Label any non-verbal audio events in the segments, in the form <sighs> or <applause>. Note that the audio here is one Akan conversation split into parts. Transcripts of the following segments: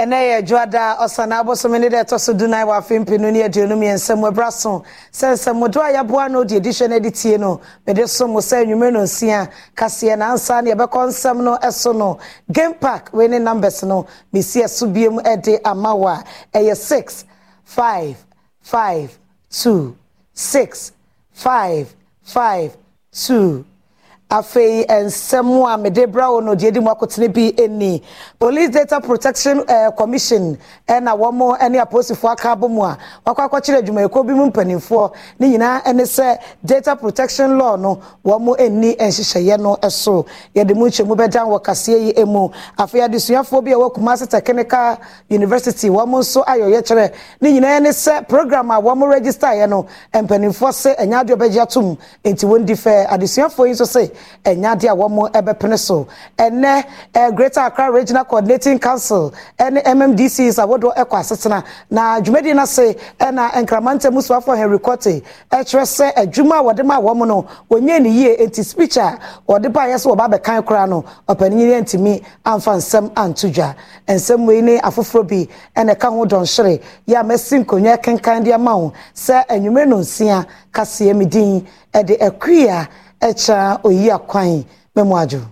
ɛnɛ yɛ dwoada ɔsane abosom ne dɛ ɛtɔ so dunan wɔ afe mpenu ne aduonu mmiɛnsa mu ɛbra so sɛ nsɛmmodo a yɛboa no de edihyɛ no adi tie no mede so mo sɛ nnwumere no nsia kaseɛ nansa ne yɛbɛkɔ nsɛm no ɛso no game park wei ne numbers no mesi ɛso biem ɛde ama wɔ a ɛyɛ 6 5 5 2 6 5 5 2 afei nsɛm a mede bra wɔ no deɛ di mu akotene bi ni police data protection uh, commission ɛna eh, wɔn eh, ne apolisifoɔ aka abɔ mu a wakɔ akɔkyerɛ adwumayɛkuo bi mu mpanimfoɔ ne nyinaa ne sɛ data protection law no wɔn ni nhyehyɛeɛ no so yɛde mu nkyɛmu bɛdan wɔ kaseɛ yi mu afei adesuafoɔ bi a wɔ kumase technical university wɔn nso ayɔyɛ kyerɛ ne nyinaa ne sɛ program a wɔn register yɛ no mpanimfoɔ se ɛnya adeɛ ɔbɛgye atom nti wɔn di fɛ adesuafoɔ yi nso sɛ ɛnyɛ adeɛ a wɔn bɛpene so ɛnɛ eh, greater accra regional coordinating council ɛne mmdcs ahodoɔ ɛkɔ asetena na dwumadie na se, ɛna eh, nkramantam musuafoɔ henry kɔte ɛkyerɛ sɛ adwuma a wɔde ma wɔn no wɔnyɛ ne yie nti speech a wɔde ba ayɛ sɛ wɔba abɛkan koraa no ɔpanin yɛn ntumi amfa nsɛm anto dwa nsɛm wei ne afoforɔ bi ɛna ɛka ho dɔnhwere yɛ a mɛsi nkonnwa kenkan de ama wo sɛ anwumere no kaseɛ me din ɛde akuya ɛkyɛ oyi akwan mɛmu adwo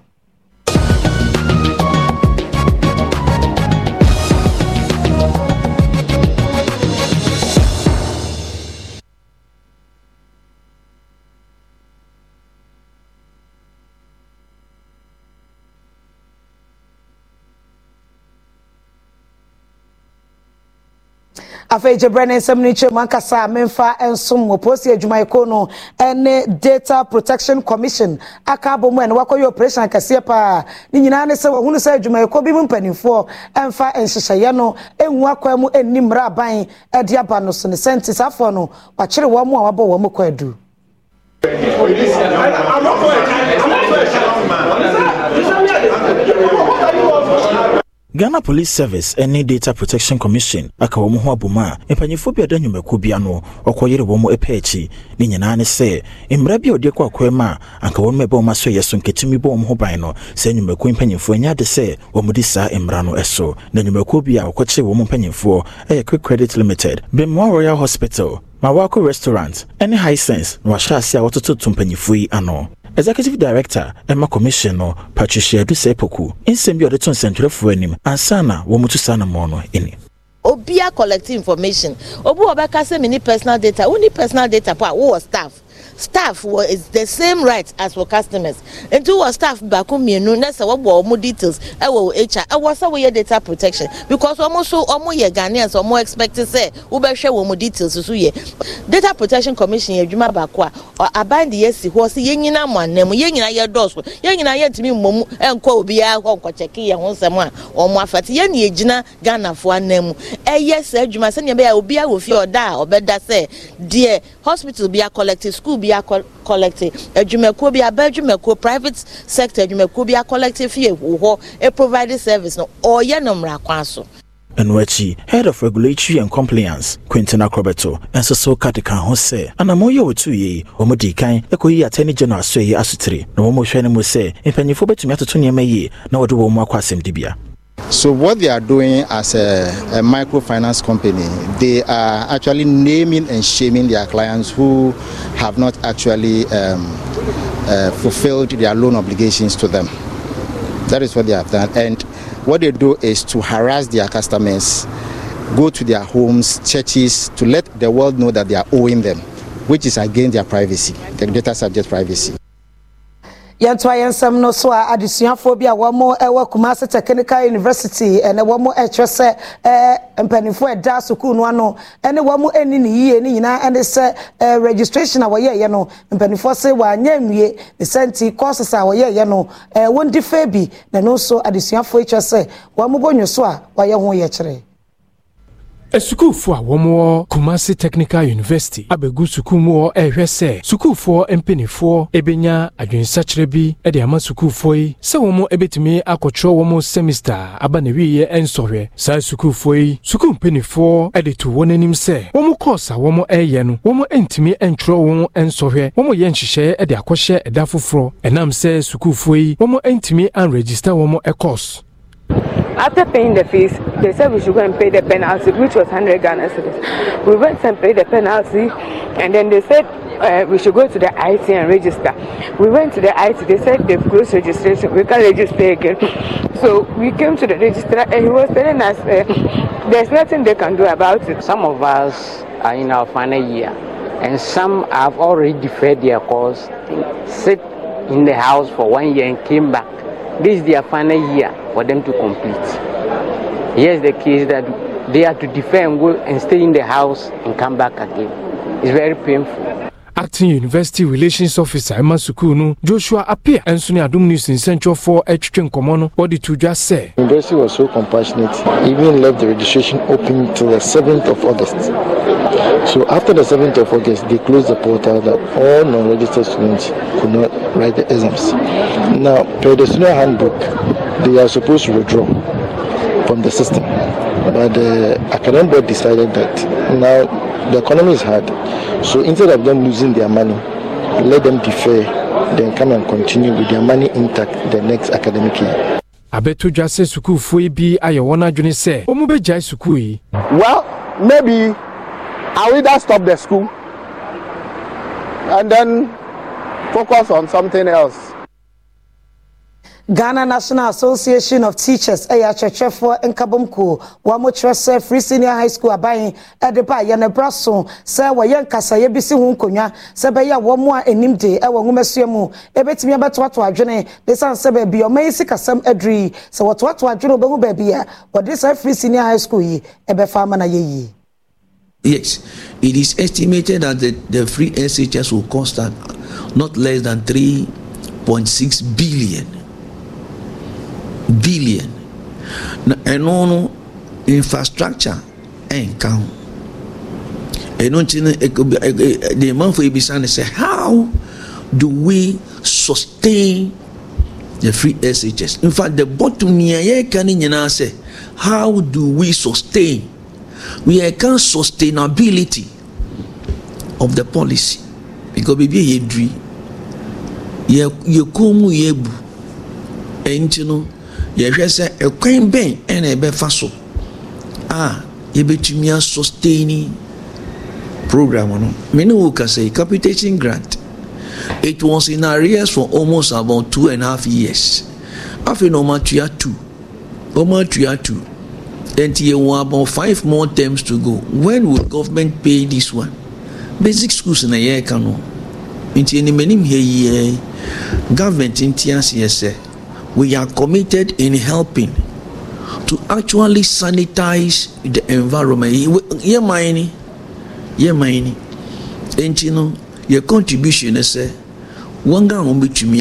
afei gyebrɛ ne nsɛm no kyerɛmu ankasa a memfa nsom wɔ posi adwumayɛko no ɛne data protection commission aka abɔ mu ɛne wakɔyɛ operation akɛseɛ paa ne nyinaa ne sɛ wɔhunu sɛ adwumayɛko bi mu mpanimfoɔ ɛmfa nhyehyɛeɛ no ɛnwu akwan mu ɛnni mmara aban ɛde aba no so ne sɛ nti saafoɔ no wakyere wɔn mu a wabɔ wɔn mu kɔ adu. ghana police service ne data protection commission aka wɔn ho aboma a mpanyinfoɔ bi a ɛda nnwumakuo bi ano ɔkɔyere wɔn pɛ akyi ne nyinaa ne sɛ mmara bi a ɔde kɔ akɔɛ ma a anka wɔn mu ɛbɛ wɔn aso yɛ so nketumi bɔ wɔn ho ban no saa nnwumakuo mpanyinfoɔ nyɛ ade sɛ wɔn de saa mmara no so na nnwumakuo bi a ɔkɔkye wɔn mpanyinfoɔ ɛyɛ quick credit limited bɛmoa royal hospital mawako restaurant ne high sense na wɔahyɛ ase a wɔtoto to mpanyinfoɔ yi ano executive director ɛma commission no patricia dusepoku nsɛm bi a ɔde to nsɛntwerɛfoɔ anim ansa na wɔmutu saa na mmɔɔ no ani obia collect information obi wɔ bɛka sɛ mini personal data wo ni personal data po a wowɔ staff staff wɔ is the same right as for customers nti wɔ staff baako mmienu na sɛ wɔbɔ wɔn details ɛwɔ e wɔ hr ɛwɔ e sɛ wɔyɛ data protection because wɔn so wɔn yɛ ghanaians wɔn expect sɛ wɔbɛhwɛ wɔn details so yɛ data protection commission yɛ adwuma baako a aban de yɛsi hɔ sɛ yɛn nyinaa mo anam yɛn nyinaa yɛ dɔɔso yɛn nyinaa yɛ ntumi mmom nkɔ obiara hɔ nkɔkyɛke yɛn ho nsɛm a wɔn afate yɛn na yɛgyina ghanafoɔ anam ɛyɛ sɛ adwuma sɛ hospital bi akɔlɛkte school bi akɔlɛkte adwumakuo bi aba adwumakuo private sector adwumakuo bi akɔlɛkte fi ewu hɔ eprovide service no ɔɔyɛ no mmara kwan so. ɛno head of regulatory and compliance quintin Akrobeto, nso so ka de ka ho sɛ anammɔn yɛ wɔtui yi wɔn dii kan kɔyi attorney general so ayi asotire na wɔn rehwɛ no mu sɛ mpanyimfoɔ bɛtumi atoto nneɛma yie na wɔde wɔn mu akɔ asɛmdibea So what they are doing as a, a, microfinance company, they are actually naming and shaming their clients who have not actually um, uh, fulfilled their loan obligations to them. That is what they have done. And what they do is to harass their customers, go to their homes, churches, to let the world know that they are owing them, which is against their privacy, their data subject privacy. yɛnto a yɛnsɛm no so a adesuafoɔ bi a wɔn wɔ kumase technical university ɛna wɔn ɛkyerɛ sɛ ɛɛ mpanimfoɔ ɛda sukuu no ano ɛne wɔn ɛni ne yie ne nyinaa ɛne sɛ ɛɛ registration a wɔyɛɛyɛ no mpanimfoɔ se wɔanyɛ nwie ne sɛnti courses a wɔyɛɛyɛ no ɛɛ wɔn di fɛ bi na no nso adesuafoɔ ɛkyerɛ sɛ wɔn bɔ nyo so a wɔayɛ ho yɛkyerɛ asukuufoɔ a wɔmwɔ kumasi technical university abegu sukuu mu hɔ ɛrehwɛ sɛ sukuufoɔ mpanimfoɔ ɛbɛnya adwensakyerɛ bi de ama sukuufoɔ yi sɛ wɔn ɛbɛtumi akɔtwerɛ wɔn semester aba na wiyɛ nsɔhwɛ saa sukuufoɔ yi sukuu mpanimfoɔ de to wɔn anim sɛ wɔn course a wɔn ɛreyɛ no wɔn ntumi ntwerɛ wɔn nsɔhwɛ wɔn yɛ nhyehyɛeɛ de akɔhyɛ ɛda foforɔ ɛnam sɛ sukuufoɔ yi wɔn ntumi anregister wɔn course After paying the fees, they said we should go and pay the penalty, which was 100 Ghana cedis. We went and paid the penalty, and then they said uh, we should go to the IT and register. We went to the IT, they said they've closed registration, we can't register again. So we came to the registrar, and he was telling us uh, there's nothing they can do about it. Some of us are in our final year, and some have already deferred their course, sit in the house for one year and came back this is their final year for them to complete. Here's the case that they have to defend and go and stay in the house and come back again. It's very painful. acting university relations officer ɛma sukuu no joshua apia ɛnso ne adom news nsɛntwerɛfoɔ ɛtwitwe nkɔmmɔ no wɔde to dwa sɛ university was so compassionate even left the registration open till the seventh of august so after the seventh of august they closed the portal that all non-registered students could not write the exams now per the student handbook they are supposed to withdraw from the system But the academic board decided that now the economy is hard. So instead of them losing their money, let them defer, then come and continue with their money intact the next academic year. abɛto dwa sɛ sukuufoɔ yi bi ayɛ wɔn adwene sɛ wɔn bɛgyae sukuu yi. well maybe i will just stop the school and then focus on something else ghana national association of teachers ɛyɛ akyerɛkyerɛfoɔ nkabom kuo wɔn kyerɛ sɛ free senior high school aban ɛde ba yɛn ɛbra so sɛ wɔyɛ nkasaeɛ bi si ho nkonnwa sɛ bɛyɛ a wɔn a anim de ɛwɔ nwoma mu ebetumi abɛtoato adwene besan sɛ beebi ɔmo yi si kasɛm aduru yi sɛ wɔtoato adwene obɛhu beebi a wɔde sɛ free senior high school yi ɛbɛfa ama na yɛ yie. Yes, it is estimated that the, the free SHS will cost not less than three point six billion billion na ɛno no infrastructure ɛnka ho ɛno nti no deɛ manfo yi bisa ne sɛ how do we sustain the free shs in fact the bottom nea yɛreka no nyinaa sɛ how do we sustain we yɛreka sustainability of the policy because biribi a yɛduri yɛkɔn mu yɛbu ɛnti no yɛhwɛ sɛ ɛkwan bɛn ɛna ɛbɛfa so a yɛbɛtumi asɔsteini program no mene wo kasa yi capitation grant it was in arrears for almost about two and a half years afei na ɔmatua two ɔmatua two nti yɛwɔ about five more terms to go when will government pay this one basic schools na yɛreka no nti anim anim hɛ yie eh, government nti aseɛ sɛ we are committed in helping to actually sanitize the environment yẹ man ni yẹ man ni nti no yẹ contribution ne sɛ wɔn a wɔn betumi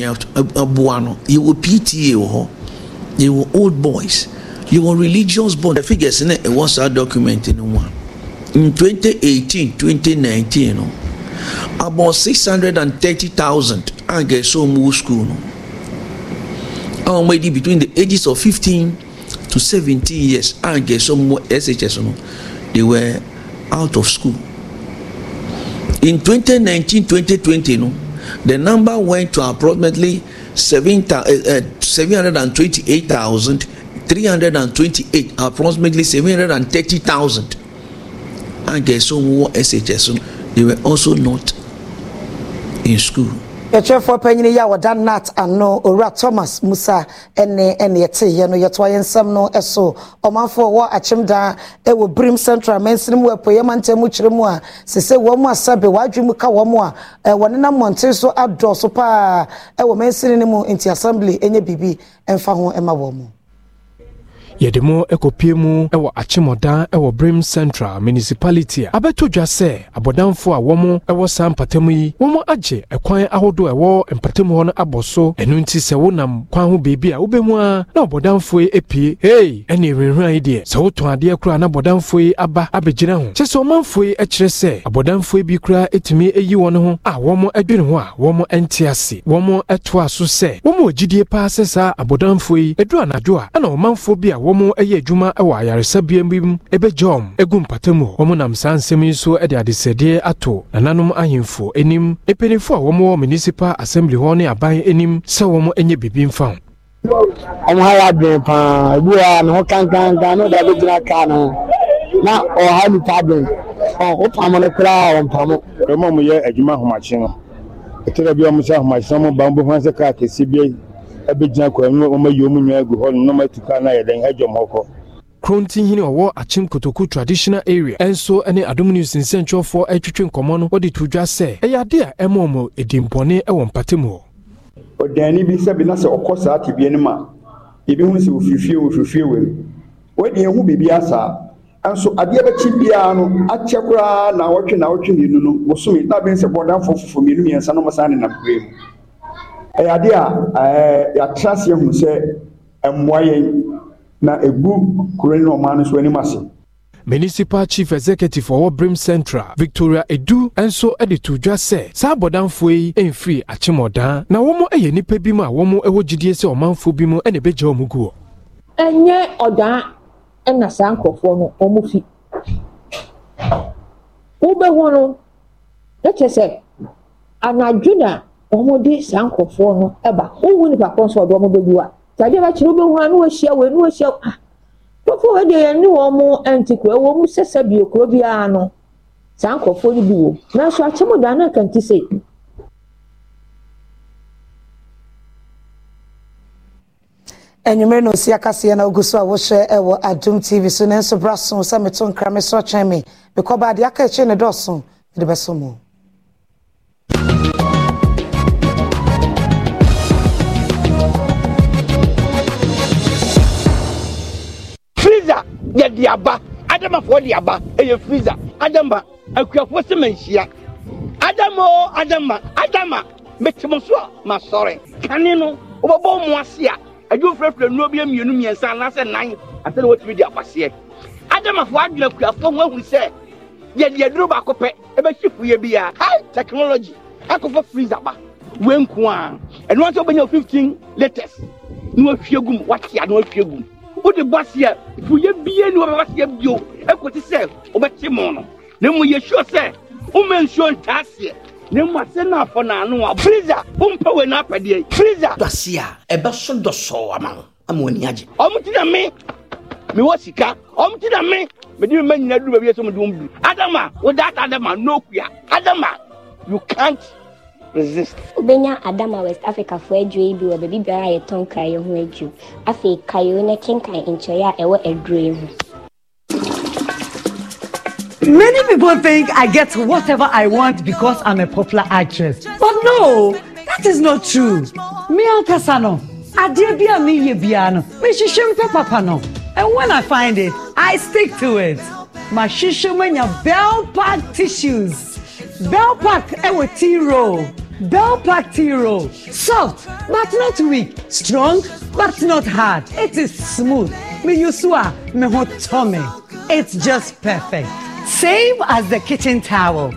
aboa no yɛwɔ pta wɔ hɔ yɛwɔ old boys yɛwɔ religious boys the figures na ɛwɔ saa document no mu in 2018 2019 no about 630,000 a gɛsɛ wɔn wɔ school no àwọn ọmọ èdè between the ages of fifteen to seventeen years à ń sọmọ shs wọn they were out of school in twenty nineteen twenty twenty no the number went to approximately eh, eh, seven hundred and twenty-eight thousand three hundred and twenty-eight approximately seven hundred and thirty thousand and get some more shs they were also not in school yɛtwerɛfoɔ panyini yi a wɔda nat ano owura thomas musa ne ne yɛteyɛ no yɛtoa yɛ nsɛm no so ɔmanfoɔ wɔ akyemdaa wɔ brim central mansini mu apueɛ mantam mu kyerɛ mu a sɛ sɛ wɔn mu asɛbe wɔadwe mu ka wɔn mu a wɔnenam mmɔnten so adɔɔso paa wɔ mansini no mu nti assembly nyɛ biribi mfa ho ma wɔn mu yɛde mo ɛkɔpie mu ɛwɔ akyemɔdan ɛwɔ brim central municipality a abɛto dwa sɛ abɔdamfo a wɔn ɛwɔ saa mpatamu yi wɔn agye ɛkwan ahodoɔ ɛwɔ mpatamu hɔ no abɔ so ɛno nti sɛ wonam kwan ho beebi a wobɛhu a na ɔbɔdamfo yi apue hei ɛne nhwiren yi deɛ sɛ wotɔn adeɛ koraa na abɔdamfo yi aba abɛgyina ho kyɛ sɛ ɔmanfo yi ɛkyerɛ sɛ abɔdamfo yi bi koraa ɛtumi ɛyi wɔn ho a wɔn adwene ho a wɔn ɛnte ase wɔn ɛtoa so sɛ wɔn wɔ gyidie paa sɛ saa abɔdamfo wɔn yɛ adwuma wɔ ayaresabea bi mu bɛgya wɔn agu mpata mu wɔn nam saa nsɛm yi nso de adesɛdeɛ ato nananom ahemfo anim mpanimfoɔ a wɔwɔ municipal assembly hɔ ne aban anim sɛ wɔn nyɛ biribi mfa ho wɔn ha yɛ adwene paa ebi wɔ ne ho kankankan ne ɔde abɛgyina kaa ne ho na ɔha nipa adwene ɔ wopamo no koraa wɔmpamo ɛma mo yɛ adwuma ahomakye no ɛtɛrɛ bi a mo sɛ ahomakye no mo ba mo bɛhu sɛ kaa kɛse bi ɛbɛgyina kwan mu ɔma yi ɔmu nyinaa gu hɔ no na matu kaa no ayɛ dɛn ɔwɔ akyem kotoku traditional area ɛnso ne adom news nsɛntwerɛfoɔ atwitwe nkɔmmɔ no wɔde to dwa sɛ ɛyɛ ade a ɛma ɔmɔ edimpɔne wɔ mpatam hɔ ɔdani bi sɛbi na sɛ ɔkɔ saa tebea no mu a yɛbɛhu sɛ wɔfirifie wɔfirifie wɔ mu wɔde ɛhu baabi asaa nso adeɛ bɛkyi biara no akyɛ koraa na wɔtwe na wɔtwe mmienu no wɔsome na bɛn sɛ bɔdanfoɔ foforɔ mmienu mmiɛnsa no mɔsan nenam kurɛ mu ɛyɛ ade a ɛɛ yɛatra aseɛ hu sɛ ɛmmoa yɛn na egu kuro ne ɔman no so anim ase. municipal chief executive ɔwɔ brim central victoria edu nso de to dwa sɛ saa abɔdanfoɔ yi mfiri akyemɔdan na wɔn yɛ nnipa bi mu a wɔn wɔ gyidie sɛ ɔmanfoɔ bi mu na ebɛgya wɔn guɔ. ɛnyɛ ɔdan ɛna saa nkurɔfoɔ no wɔn fi wobɛhu no ɛkyɛ sɛ anadwo na wɔde saa nkurɔfoɔ no ba wohu nipa korɔ nso ɔde ah, wɔn bɛgu a tadeɛ bɛkyerɛ wobɛhu a ne wɔahyia wei ne wɔahyia a nkurɔfoɔ wei deɛ yɛne wɔn nte kuro wɔ mu sɛsɛ bio kuro biara no saa nkurɔfoɔ no bi wɔ mu nanso akyɛm da no akanti sei anwummerɛ na osi akaseɛ na ogu so a wohyɛ ɛwɔ adom tv so nanso bra so sɛ meto nkra me so ɔkyɛn me mekɔba adeɛ aka akyire ne dɔɔso mede bɛso mu de aba adamafoɔ de aba ɛyɛ freezer adama akuafoɔ sɛ ma nhyia adama o adama adama mɛtɛmɔ so a ma sɔre kane no wɔbɛbɔ mu ase a ɛdwo firafira nnuro bi mmienu mmiɛnsa anaasɛ nan asɛ na wɔtumi de akwaseɛ adamafoɔ adwene akuafoɔ ho ahunu sɛ yɛde aduro baako pɛ ɛbɛhye fuyɛ bi a hi technology akɔfɔ freezer ba wɔn nko a ɛno nso wɔbɛnya fifteen latest na wɔahwie gum wɔate a na wɔahwie gum wode bɔ aseɛ fuyɛ bie ne wɔbɛbɔ aseɛ bio ɛkɔti sɛ wobɛte mo no na mu yɛsuo sɛ woma nsuo ntaa aseɛ na mu ase no afɔ naano a frisa wompɛ wei no apɛdeɛ frisa dɔse a ɛbɛso dɔsɔɔ ama wo ama w'ani agye ɔmote na me mewɔ sika ɔmote na me mede mema nyina duru baabi yɛ sɛ mede wo mbiri adama wode ata adama no okua adama you can't resist. wobɛnya adama west africa fo aduro bi wɔ baabi biara a yɛtɔn kraeɛ ho aduro afei kaeɛ no kenkan nkyɛeɛ a ɛwɔ aduro ho Many people think I get whatever I want because I'm a popular actress. But no, that is not true. Me ankasa no, adeɛ bi a meyɛ biara no, papa no. And when I find it, I stick to it. Mahyehyɛ manya Bell Pack tissues. Bell Pack ewe tea roll. Bell packed hero. Soft, but not weak. Strong, but not hard. It is smooth. Me me hot mehotome. It's just perfect. Same as the kitchen towel.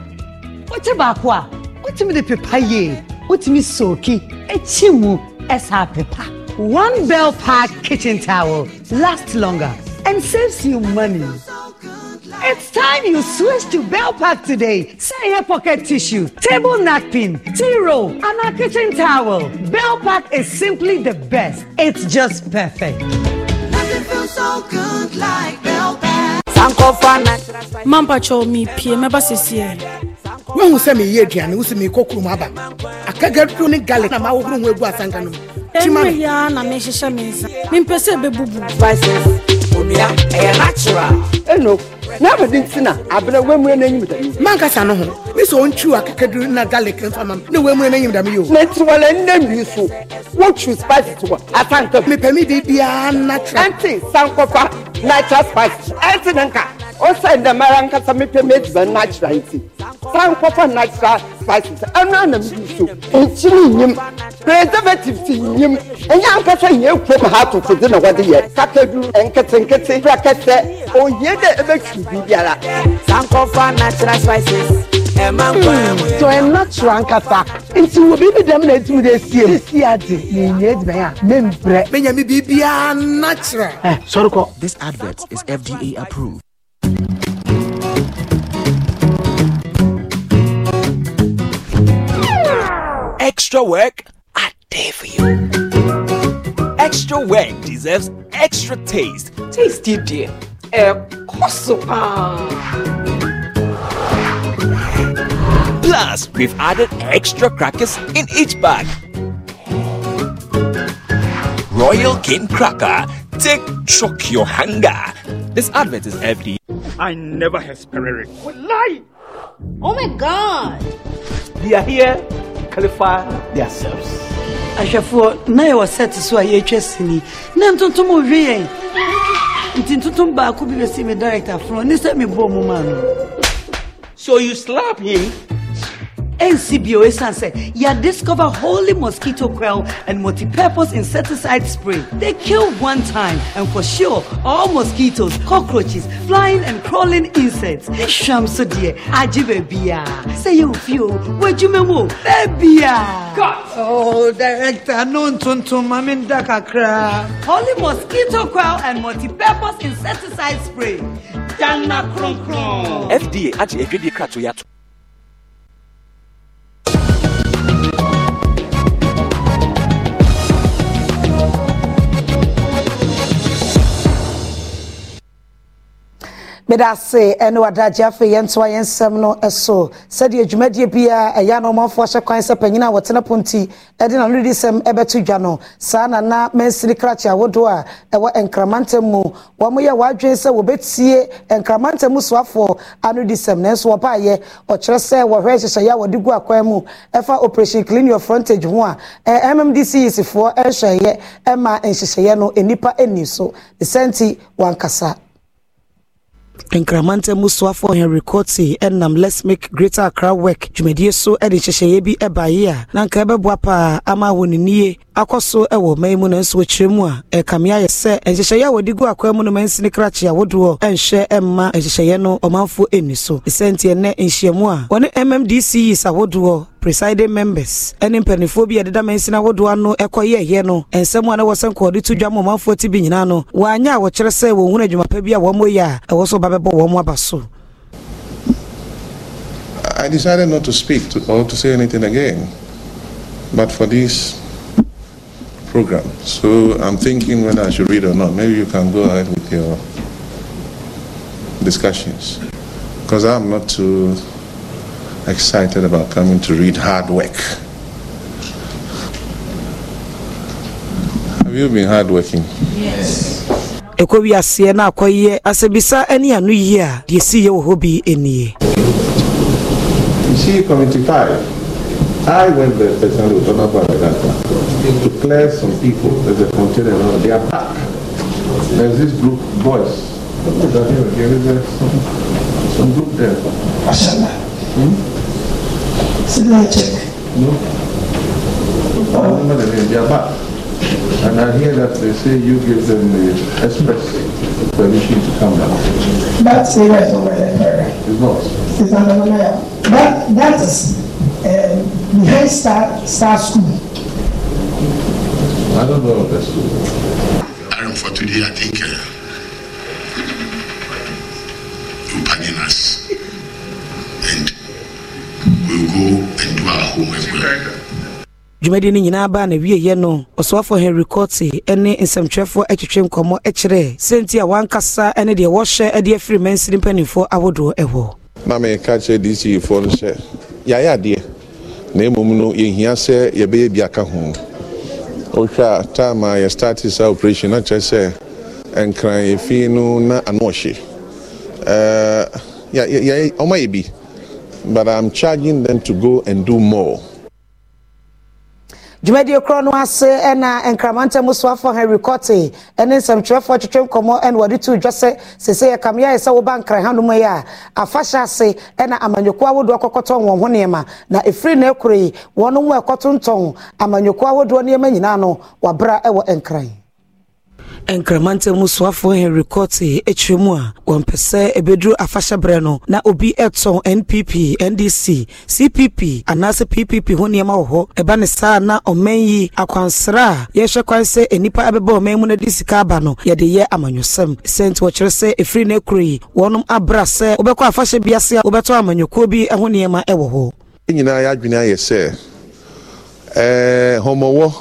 What about what? What me the paper ye? What me soaky? Echimu esa paper. One Bell pack kitchen towel lasts longer and saves you money. It's time you switch to Bell Pack today. Say hair pocket tissue, table napkin, tea roll, and a kitchen towel. Bell Pack is simply the best. It's just perfect. Nothing feels so good like Bell Pack. Mamba told me, PM, ever since here. wohu sɛ meyɛ aduane wo sɛ meekɔ kurom aba akagaduo ne garlic na mawohoro ho agu asanka no muɛmɛyɛa na mehyehyɛ me nsa mempɛ sɛ bɛbubu ɛno Na n'abadi nti na abena wemure n'enyim dami. mankasa no ho misa ontwi akakaduru na garlic nfa mam na wemure n'enyim dami yi o. na tiwala nne mi so wotwi spice tiwa asanka. mipɛmi de bi a natural. ɛnti sankofa natural spice ɛnti ne nka ɔsɛ dɛm ara nkasa mepɛ m'aduba natural nti saa nkɔfa natural spices ɛno anam bi so nkyiri nyim preservative ti nyim ɛnyɛ ankasa nyɛ kurom ha atotode na wɔde yɛ kakadu nketenkete frakɛsɛ oyie dɛ ɛbɛtwi biribiara saa nkɔfa natural spices so ẹ natural nkata nti wo biribi dɛm na etum de esie mu sisi adi na enye edumɛ a ne mbrɛ. bẹẹni natural. ɛ sɔrɔ kɔ. This advert is FDA approved. Extra work a day for you. Extra work deserves extra taste. Tasty dear. Plus, we've added extra crackers in each bag Royal King Cracker. Take shock your hunger. This advert is FD. I never aspirated with lie? Oh my God. They are here, clarify themselves. ahwɛfoɔ na yɛwɔ set so a yɛatwa sini na ntontom ɔhwe yɛn nti ntontom baako bi bɛsi me director front ne sɛ mebɔɔ mu maa no so you slap him NCBO Sanse, ya discover holy mosquito coil and multi-purpose insecticide spray. They kill one time and for sure all mosquitoes, cockroaches, flying and crawling insects. Shamsu dear, ajibe Say you feel, where wejume wo, bebiya. Cut! Oh, director, no tuntum, mamin dakakra. Holy mosquito coil and multi-purpose insecticide spray. Dana kron kron. FDA, aji, ekwe di krato yato. meda ase ɛne wadagye afei yɛntoa yɛn nsɛm no so sɛdeɛ dwumadie biara ɛyɛ a na ɔmanfoɔ ahyɛ kwan sɛ panyin a wɔtena ponti ɛde nano didi sɛm ɛbɛto dwa no saa nana mansini krakye ahodoɔ a ɛwɔ nkramantam mu wɔn yɛ wadwen sɛ wɔbɛtie nkramantam mu soafoɔ ano di sɛm nanso wɔbaayɛ ɔkyerɛ sɛ wɔhwɛ hyehyɛeɛ a wɔde gu akwan mu ɛfa operation clean your frontage ho a e, mmdcsifoɔ nhwɛeɛ e e ma nhyehyɛeɛ no nnipa ani so ne sɛ nti wankasa nkramantamu soafo henry cote ɛnam let's make greater accra work dwumadie so ɛde nhyehyɛeɛ bi ɛbaeɛ a na nka ɛbɛboa paa ama ahɔnenie akɔ so ɛwɔ ɔman mu nanso wɔkyerɛ mu a ɛkame ayɛ sɛ nhyehyɛeɛ a wɔde gu akwan mu no mansini krakye awodoɔ ɛnhyɛ ɛmma nhyehyɛeɛ no ɔmanfoɔ ɛnni so ɛsɛ nti nhyiamu a wɔne mmdc yis awodoɔ presiding members no nsɛm a na to dwa ɔmanfoɔ ti bi nyinaa no a wɔkyerɛ sɛ adwuma pa bi a a ɛwɔ so bɛbɔ wɔn aba so I decided not to speak to, or to say anything again, but for this program. So I'm thinking whether I should read or not. Maybe you can go ahead with your discussions, because I'm not too excited about coming to read hard work. Have you been hard working? Yes. ɛkɔ wiaseɛ no akɔyɛ asɛbisa ne ano yie a deɛ siyɛ wɔ hɔ bi nie see I went there personally with Honorable Agadaka to some people they contained around There's this boys. Some, some there. Hmm? Zleczek. No. Jabat. Oh, and I hear that they say you give them the express permission to come down. That's the right over there. It's not. It's not over there. That, that is uh, behind Star, Star School. I don't know if that's true. Aaron, for today, I think uh, you're dwumadi no nyinaa baa na wieyɛ no ɔsoafo henry cote ne nsɛmtwerɛfoɔ atwitwe nkɔmmɔ kyerɛɛ sɛnti a wankasa ne deɛ wɔhyɛ de afiri mansini mpanimfoɔ ahodoɔ ɛwɔ na meka kyerɛ dcfoɔ no sɛ yɛayɛ adeɛ na mmom no yɛhia sɛ yɛbɛyɛ bi ho wohwɛ a time a yɛstarte saa operation na kyerɛ sɛ nkran no na ano ɔma yɛ bi but I'm charging them to go and do more. dwumadie korɔ no ase ɛna nkramantam soafoɔ henry cote ɛne nsɛmtwerɛfoɔ twetwe nkɔmmɔ ɛna wɔde to dwa sɛ sesei ɛkame yɛayɛ sɛ woba nkrahanom yi a afahyɛ ase ɛna amanyɔko ahodoɔ kɔkɔtɔn wɔn ho nneɛma na ɛfiri na ɛkoro yi wɔn mu ɛkɔtontɔn amanyɔko ahodoɔ nneɛma nyinaa no wabra ɛwɔ nkran nkramantam mu soafoɔ henry cote akyirɛ mu a wɔmpɛ sɛ ɛbɛduru afahyɛberɛ no na obi ɛtɔn npp ndc cpp anaasɛ ppp ho nneɛma wɔ hɔ ɛba ne saa na ɔman yi akwansra a yɛhwɛ kwan sɛ nnipa ɛbɛba ɔman mu no de sika aba no yɛde yɛ amanyɔsɛm sɛ nti wɔkyerɛ sɛ ɛfiri no akuro yi wɔnom abra sɛ wobɛkɔ afahyɛ biase a wobɛtɔ amanyɔkuo bi ho nneɛma ɛwɔ hɔ nyinaa yɛadwene ayɛ sɛ hɔmmɔwɔ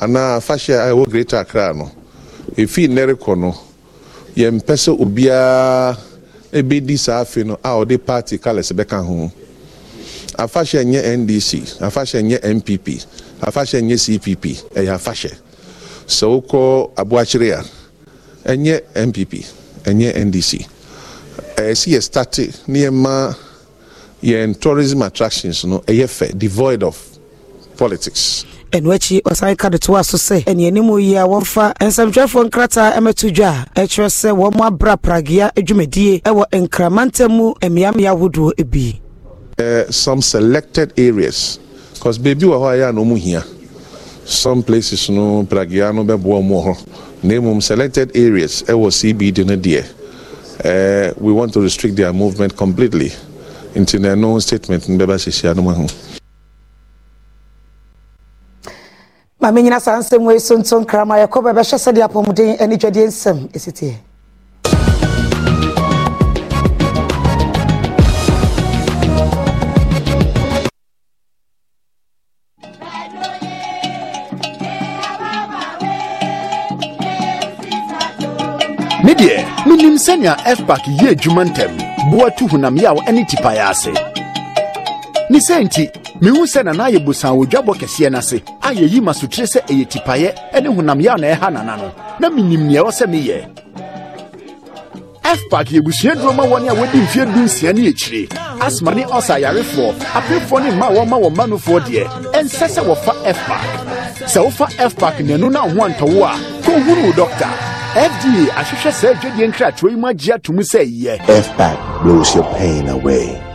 anaa afahyɛ a ɛwɔ greater akra no efi nnɛre kɔ no yɛmpɛ sɛ obiara ebedi saa afe no a ɔde party colours bɛka ho afahyɛ nyɛ ndc afahyɛ nyɛ npp afahyɛ nyɛ cpp ɛyɛ afahyɛ sɛ wokɔ aboakyere a ɛnyɛ npp ɛnyɛ ndc ɛyɛ si yɛ starte ne yɛn tourism attractions no ɛyɛ fɛ devoid of politics ɛno akyi ɔsan ka de toa so sɛ ɛneɛ ne mu yi a wɔmfa nsɛmtwerɛfoɔ nkrataa ɛmɛto dwa a ɛkyerɛ sɛ wɔn abra pragea adwumadie ɛwɔ nkramantam mu mmeammea ahodoɔ ebi. Uh, some selected areas cause baabi wɔ hɔ a yɛ a na ɔmo hia some places no pragea no bɛboa ɔmo hɔ na mmom selected areas ɛwɔ cbd no deɛ uh, we want to restrict their movement completely into na ɛno statement no bɛba hyehyia no maame nyina saa nsɛm wei so nto nkrama yɛkɔ bɛbɛhyɛ sɛdeɛ apɔmuden ani dwadeɛ nsɛm ɛsiteɛ me deɛ menim sɛnea fpak yɛ adwuma ntɛm boa tu hunam yaw ne tipayɛ ase ne sɛ nti mehu sɛ nana ayɛ bosan wɔ kɛseɛ no ase a yɛyi ma sokyerɛ sɛ ɛyɛ tipayɛ ne honamyɛ a na ɛha nana no na menim nea ɛwɔ sɛ meyɛ fpak yɛbusua duroma wɔne a wɔdi mfeɛ du nsia ne akyire asma ne ɔsa ayarefoɔ apefoɔ ne mma a wɔma wɔn mma deɛ ɛnsɛ sɛ wɔfa fpak sɛ wofa fpak nanu na ho antɔwo a kɔhunu wo dɔkta fda ahwehwɛ saa adwadeɛ nkratoɔ yi mu agye ato sɛ yɛ fpak blows your pain away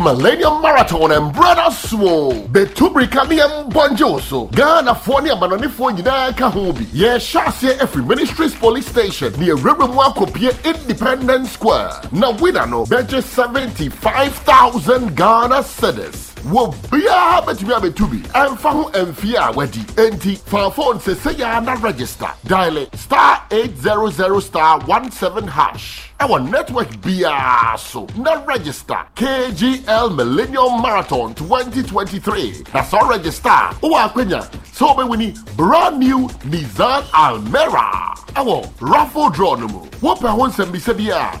Millennium Marathon and Brother Swole. Betubrika ni mbonjo so. Ghana for and abananifoɔ nyinaa ka ho bi yɛhyɛ ministries police station ne awurawura mu akɔpie independent square na wina know bɛgye 75000 ghana citizens. wo biara bɛtumi abɛtu bi ɛmfa ho ɛmfie a wadi enti fa phone ya na register dial star eight zero zero star one seven hash ɛwɔ network biara so na register kgl millennium marathon 2023 na sɛ ɔregister So akwanya sɛ wobɛwini brand new nissan almera ɛwɔ raffle draw no mu wopɛ ho nsɛmbisa bi a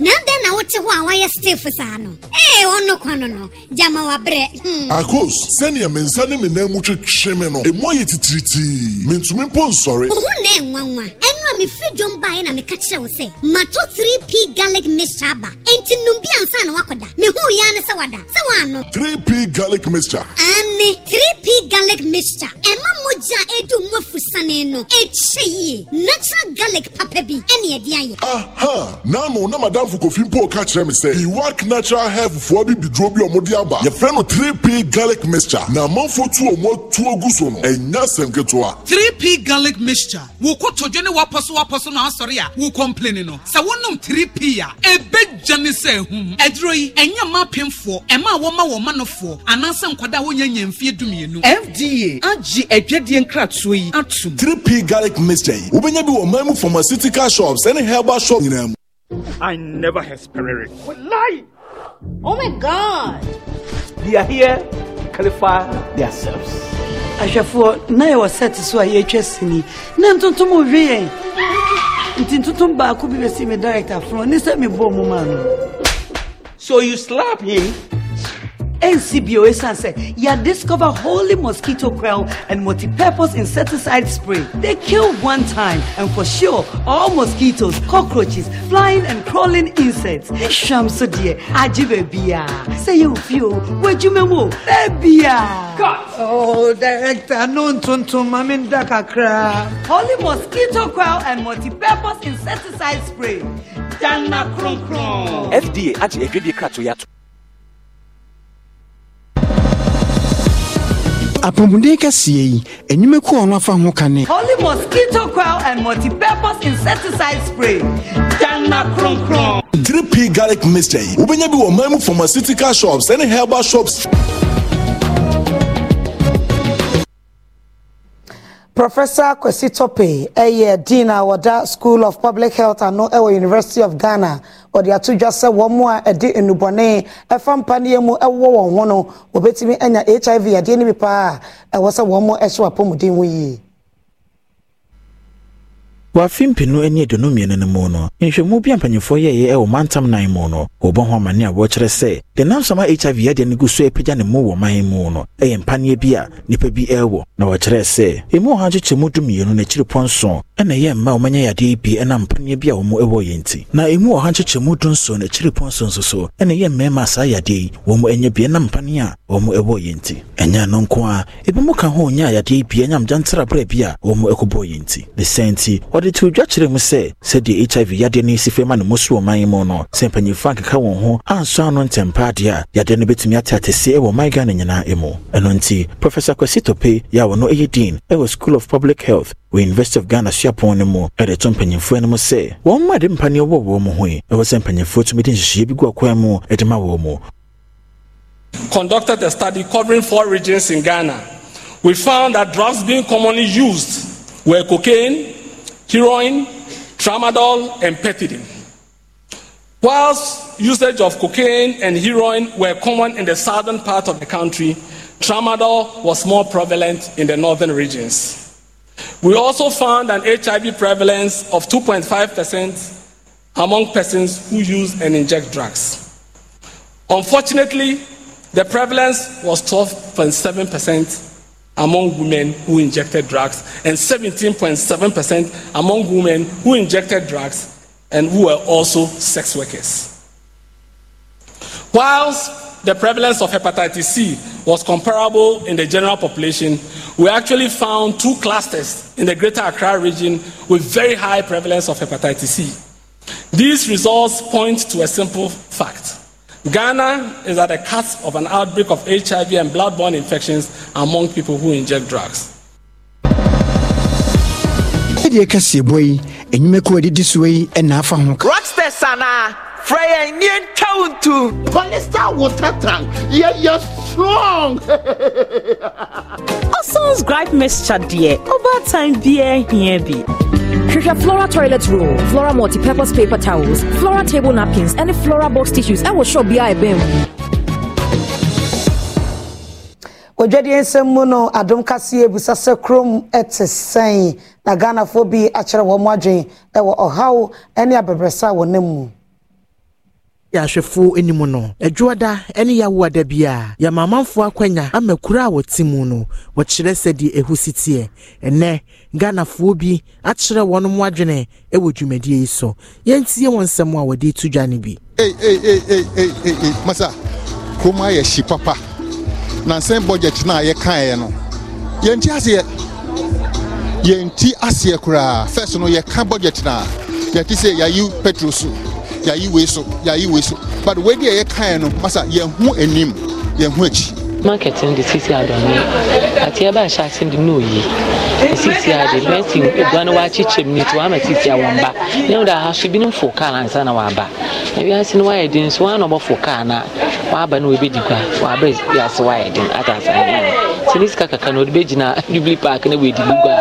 na ɛdɛn na wote hɔ a wayɛ stiff saa no ee ɔno kɔ no gyama wabrɛ. Hmm. akos sɛnea me nsa ne me nan mu twetwe me no emu ayɛ titiritii mentumi mpo nsɔre. ohun na ɛnwanwa ɛnu a mefiri dwom baeɛ na meka kyerɛ wo sɛ mato three p garlic mixture aba enti num bi ansa na wakɔda mehu ya ne sɛ wada sɛ waano. three p garlic mixture. ane 3 p garlic mixture ɛma mogya a edu mu afusane no ekyɛ yie natural garlic papa bi ɛne ɛde ayɛ. aha naanu na madam asɔfo kofi mpo ka kyerɛ me sɛ iwak natural health foɔ bi biduro bi ɔmo de aba yɛfrɛ no 3p garlic mixture na amanfo tu ɔmo atu agu so no ɛnya sɛm ketewa. 3p garlic mixture wò kó tòjú ni wapɔ so wapɔ so na asɔre a wò kɔmpleni no sɛ wọnum 3p a ebe gya sɛ ehum ɛduro yi ɛnyɛ mmaa pɛnfoɔ ɛmaa wɔma wɔma no foɔ anaasɛ nkwadaa wɔnyɛ nyɛ mfie dumienu. fda agye adwadie nkratoɔ yi atum. 3p garlic mixture yi wobɛnya bi wɔ mmaa pharmaceutical shops ɛne herbal shop nyinaa mu. I never experienced. Well, lie! Oh my God! They are here to clarify themselves. now na yɛwɔ set to swear your chest so a yɛatwa sini to ntontom ɔhwe yɛn nti ntontom could be the same director front ne sɛ mebɔɔ mu maa no so you slap him NCBO Esanse, ya discover holy mosquito coil and multi-purpose insecticide spray. They kill one time and for sure all mosquitoes, cockroaches, flying and crawling insects. Shamso dear, ajibe Say you feel, where you memo, e bia. Cut! Oh, director, no tuntum, mamin dakakra. Holy mosquito coil and multi-purpose insecticide spray. Dana kron kron. FDA, actually, if you be cut to apɔmuden kɛseɛ yi enyimeku ɔno afa ho kane. holy mosquito coil and multi-purpose insecticide spray dana kronkron. 3p garlic mixture yi wobɛnya bi wɔ mamu pharmaceutical shops ɛne herbal shops. Professor Kwesi Tope, a year dean at Wada School of Public Health and no University of Ghana ɔde ato dwa sɛ wɔn a ɛde nnubɔne ɛfa mpaneɛ mu ɛwɔ wɔn ho no wɔbɛtumi anya hiv adeɛ no bi paa ɛwɔ sɛ wɔn ɛhyɛ apɔmuden ho yie wɔafe mpenu ani aduonu mmienu no mu no nhwɛmu bi a mpanyimfoɔ yɛeɛ wɔ mantam nan mu no wɔbɔ ho amane a wɔkyerɛ sɛ de nansama hiv adeɛ no gu so apagya ne mu wɔ man mu no ɛyɛ mpaneɛ bi a nnipa bi ɛrewɔ na wɔkyerɛɛ sɛ ɛmu ɔha nkyekyɛmu du mmienu no akyiri pɔnson ɛna ɛyɛ mma ɔmanya yadeɛ bi ɛnam mpaneɛ bi a wɔn ɛwɔ yɛn nti na ɛmu ɔha nkyekyɛmu du nson no akyiri pɔnson nso so ɛna ɛyɛ mmarima saa yadeɛ yi wɔn anya bi ɛnam mpaneɛ a wɔn ɛwɔ yɛn nti ɛnyɛ no nko a ebi mu ka ho nya yadeɛ bi ɛnyam gyantrabere bi a wɔn ɛkɔbɔ yɛn nti ne sɛn nti wɔde wɔde odwa kyerɛ mu sɛ sɛdeɛ hiv yadeɛ no si fɛ ma ne mu so wɔ mu no sɛ mpanyimfo ankeka wɔn ho ansɔ ano ntɛmpa adeɛ a yadeɛ no bɛtumi ate atɛseɛ wɔ man ghana nyinaa mu ɛno nti professor kwasi tope yɛ a ɛyɛ dean ɛwɔ school of public health wɔ university of ghana suapɔn no mu ɛde to mpanyimfoɔ anim sɛ wɔn mma de mpaneɛ wɔ wɔn mu ho ɛwɔ sɛ mpanyimfoɔ tumi de nhyehyɛeɛ bi gu akwan mu de ma wɔn mu conducted a study covering four regions in Ghana. We found that drugs being commonly used were cocaine, heroin, tramadol, and pethidine. Whilst usage of cocaine and heroin were common in the southern part of the country, tramadol was more prevalent in the northern regions. We also found an HIV prevalence of 2.5% among persons who use and inject drugs. Unfortunately, the prevalence was 12.7% among women who injected drugs and 17.7% among women who injected drugs and who were also sex workers. Whilst the prevalence of hepatitis C was comparable in the general population, we actually found two clusters in the greater Accra region with very high prevalence of hepatitis C. These results point to a simple fact Ghana is at the cusp of an outbreak of HIV and bloodborne infections among people who inject drugs. frɛ yɛn ne yɛntwa wo ntu polista wo tatan yɛyɛ strong ɔsons <laughs> gripe mixture deɛ ɔbaatan biaa hia bi hwehwɛ flora toilet roll flora multi-purpose paper towels flora table napkins ɛne flora box tissues ɛwɔ shop bia ɛbɛn mu odwadeɛ nsɛm mu no adom kaseɛ busa sɛ kurom te sɛn na ghanafoɔ bi akyerɛ wɔn adwen ɛwɔ ɔhaw ne abɛbrɛsɛ a wɔnam mu yɛahwɛfo anim no adwoada ne yɛawoa da bi a yɛma amanfoɔ akwanya ama kuro a wɔte mu no wɔkyerɛ sɛdeɛ ɛho si teɛ ɛnnɛ ghanafoɔ bi akyerɛ wɔn mo adwene wɔ dwumadie yi so yɛntie wɔn nsɛm a wɔde to dwa no bi masa kurom ayɛ hyi papa nansɛn budget no a yɛkaeɛ no yɛnti aseɛ yɛnti aseɛ koraa first no yɛka budget no a yɛte sɛ yɛayi petro so yɛayi wei so yɛayi wei so but wei deɛ yɛkaeɛ no masa yɛnho anim yɛnho akyi marketing de sisi aduane ati ɛbɛ ahyɛ ase de na oyi sisi ade mɛnti aduane wakyekyɛ mu ne ti wama sisi a wɔn ba ne ho da ahaso bi ne fo kaa ansa na waba ebi ase no wayɛ den so wɔn anabɔ fo kaa na waba na obi di gua waba yɛ ase wayɛ den ata asa yɛ den nti ne sika kaka no ɔde bɛgyina <laughs> jubilee park na wɔadi ne gua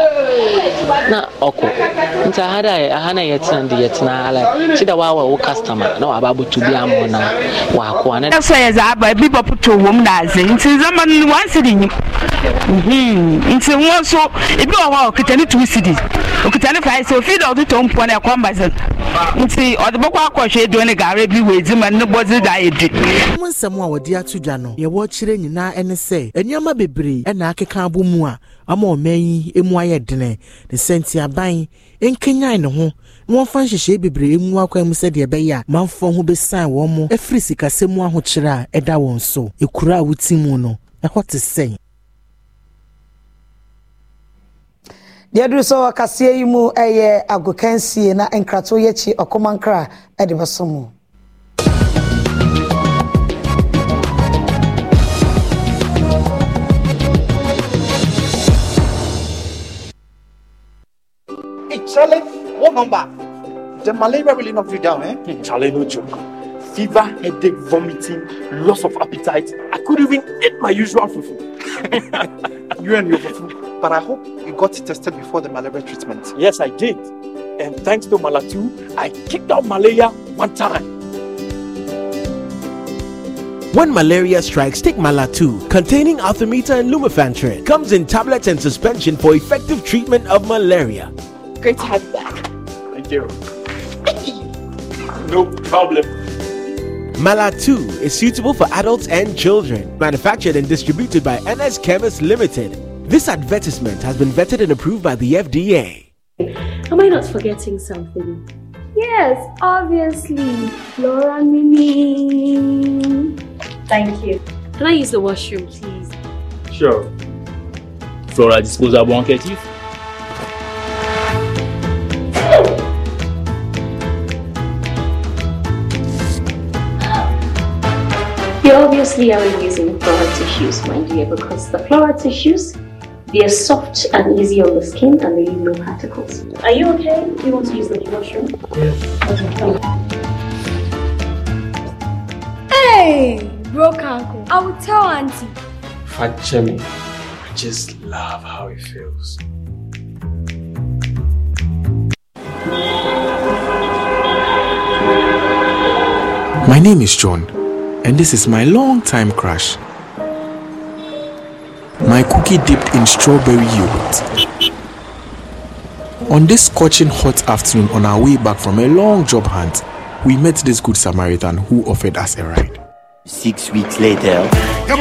na ɔkɔ nti aha da aha na yɛtena de yɛtena ha la kyi da waawa wo customer na waba abɔto bi ama na waako ana. ɛsɛ yɛ dza aba mhm. ebi bɔ poto wɔm na adze nti ndzɛmba no wansi de nyim nti wɔn nso ebi wɔ hɔ a ne tu si de. okuta ne fry sɛ ofi dɛ ɔde tɔn pɔn na ɛkɔn ba sɛn nti ɔde bɔkɔ akɔhwɛ eduo ne gaara bi wɔ edi ma ne bɔdze da edi. wɔn nsɛm a wɔde ato dwa no yɛwɔ kyerɛ nyinaa ɛne sɛ nneɛma bebree ɛna akeka abɔ mu a ama ɔman yi mu ayɛ dene ne sɛnti aban nkenyan ne ho na wɔmfa nhyehyɛe bebree mu akwan mu sɛdeɛ ɛbɛyɛ a manfoɔ ho bɛsan wɔn mo afiri sikasɛm ahokyerɛ a ɛda wɔn so ekura a wotim mu no ɛhɔ te sɛn. deɛ duru sɛ ɔkaseɛ yi mu ɛyɛ agokansie na nkrato yɛkyi ɔkomankra ɛde bɛso mu Hey Charlie, what number? The malaria really knocked you down, eh? Hmm, Charlie, no joke. Fever, headache, vomiting, loss of appetite. I couldn't even eat my usual food. <laughs> you and your food. But I hope you got tested before the malaria treatment. Yes, I did. And thanks to Malatu, I kicked out malaria one time. When malaria strikes, take Malatu, containing Arthemeter and Lumefantrin. Comes in tablets and suspension for effective treatment of malaria. Great to have you back. Thank you. no problem. Malatu is suitable for adults and children. Manufactured and distributed by NS Chemist Limited. This advertisement has been vetted and approved by the FDA. Am I not forgetting something? Yes, obviously. Laura Mimi. Thank you. Can I use the washroom, please? Sure. Flora disposable handkerchief. You obviously are using floral tissues, my dear, because the flora tissues they are soft and easy on the skin and they leave no particles. Are you okay? Do you want to use the new washroom? Yeah. Hey! Broke uncle. I will tell auntie. Fat Jimmy, I just love how it feels. My name is John, and this is my long-time crush, my cookie dipped in strawberry yogurt. On this scorching hot afternoon, on our way back from a long job hunt, we met this good Samaritan who offered us a ride. Six weeks later, big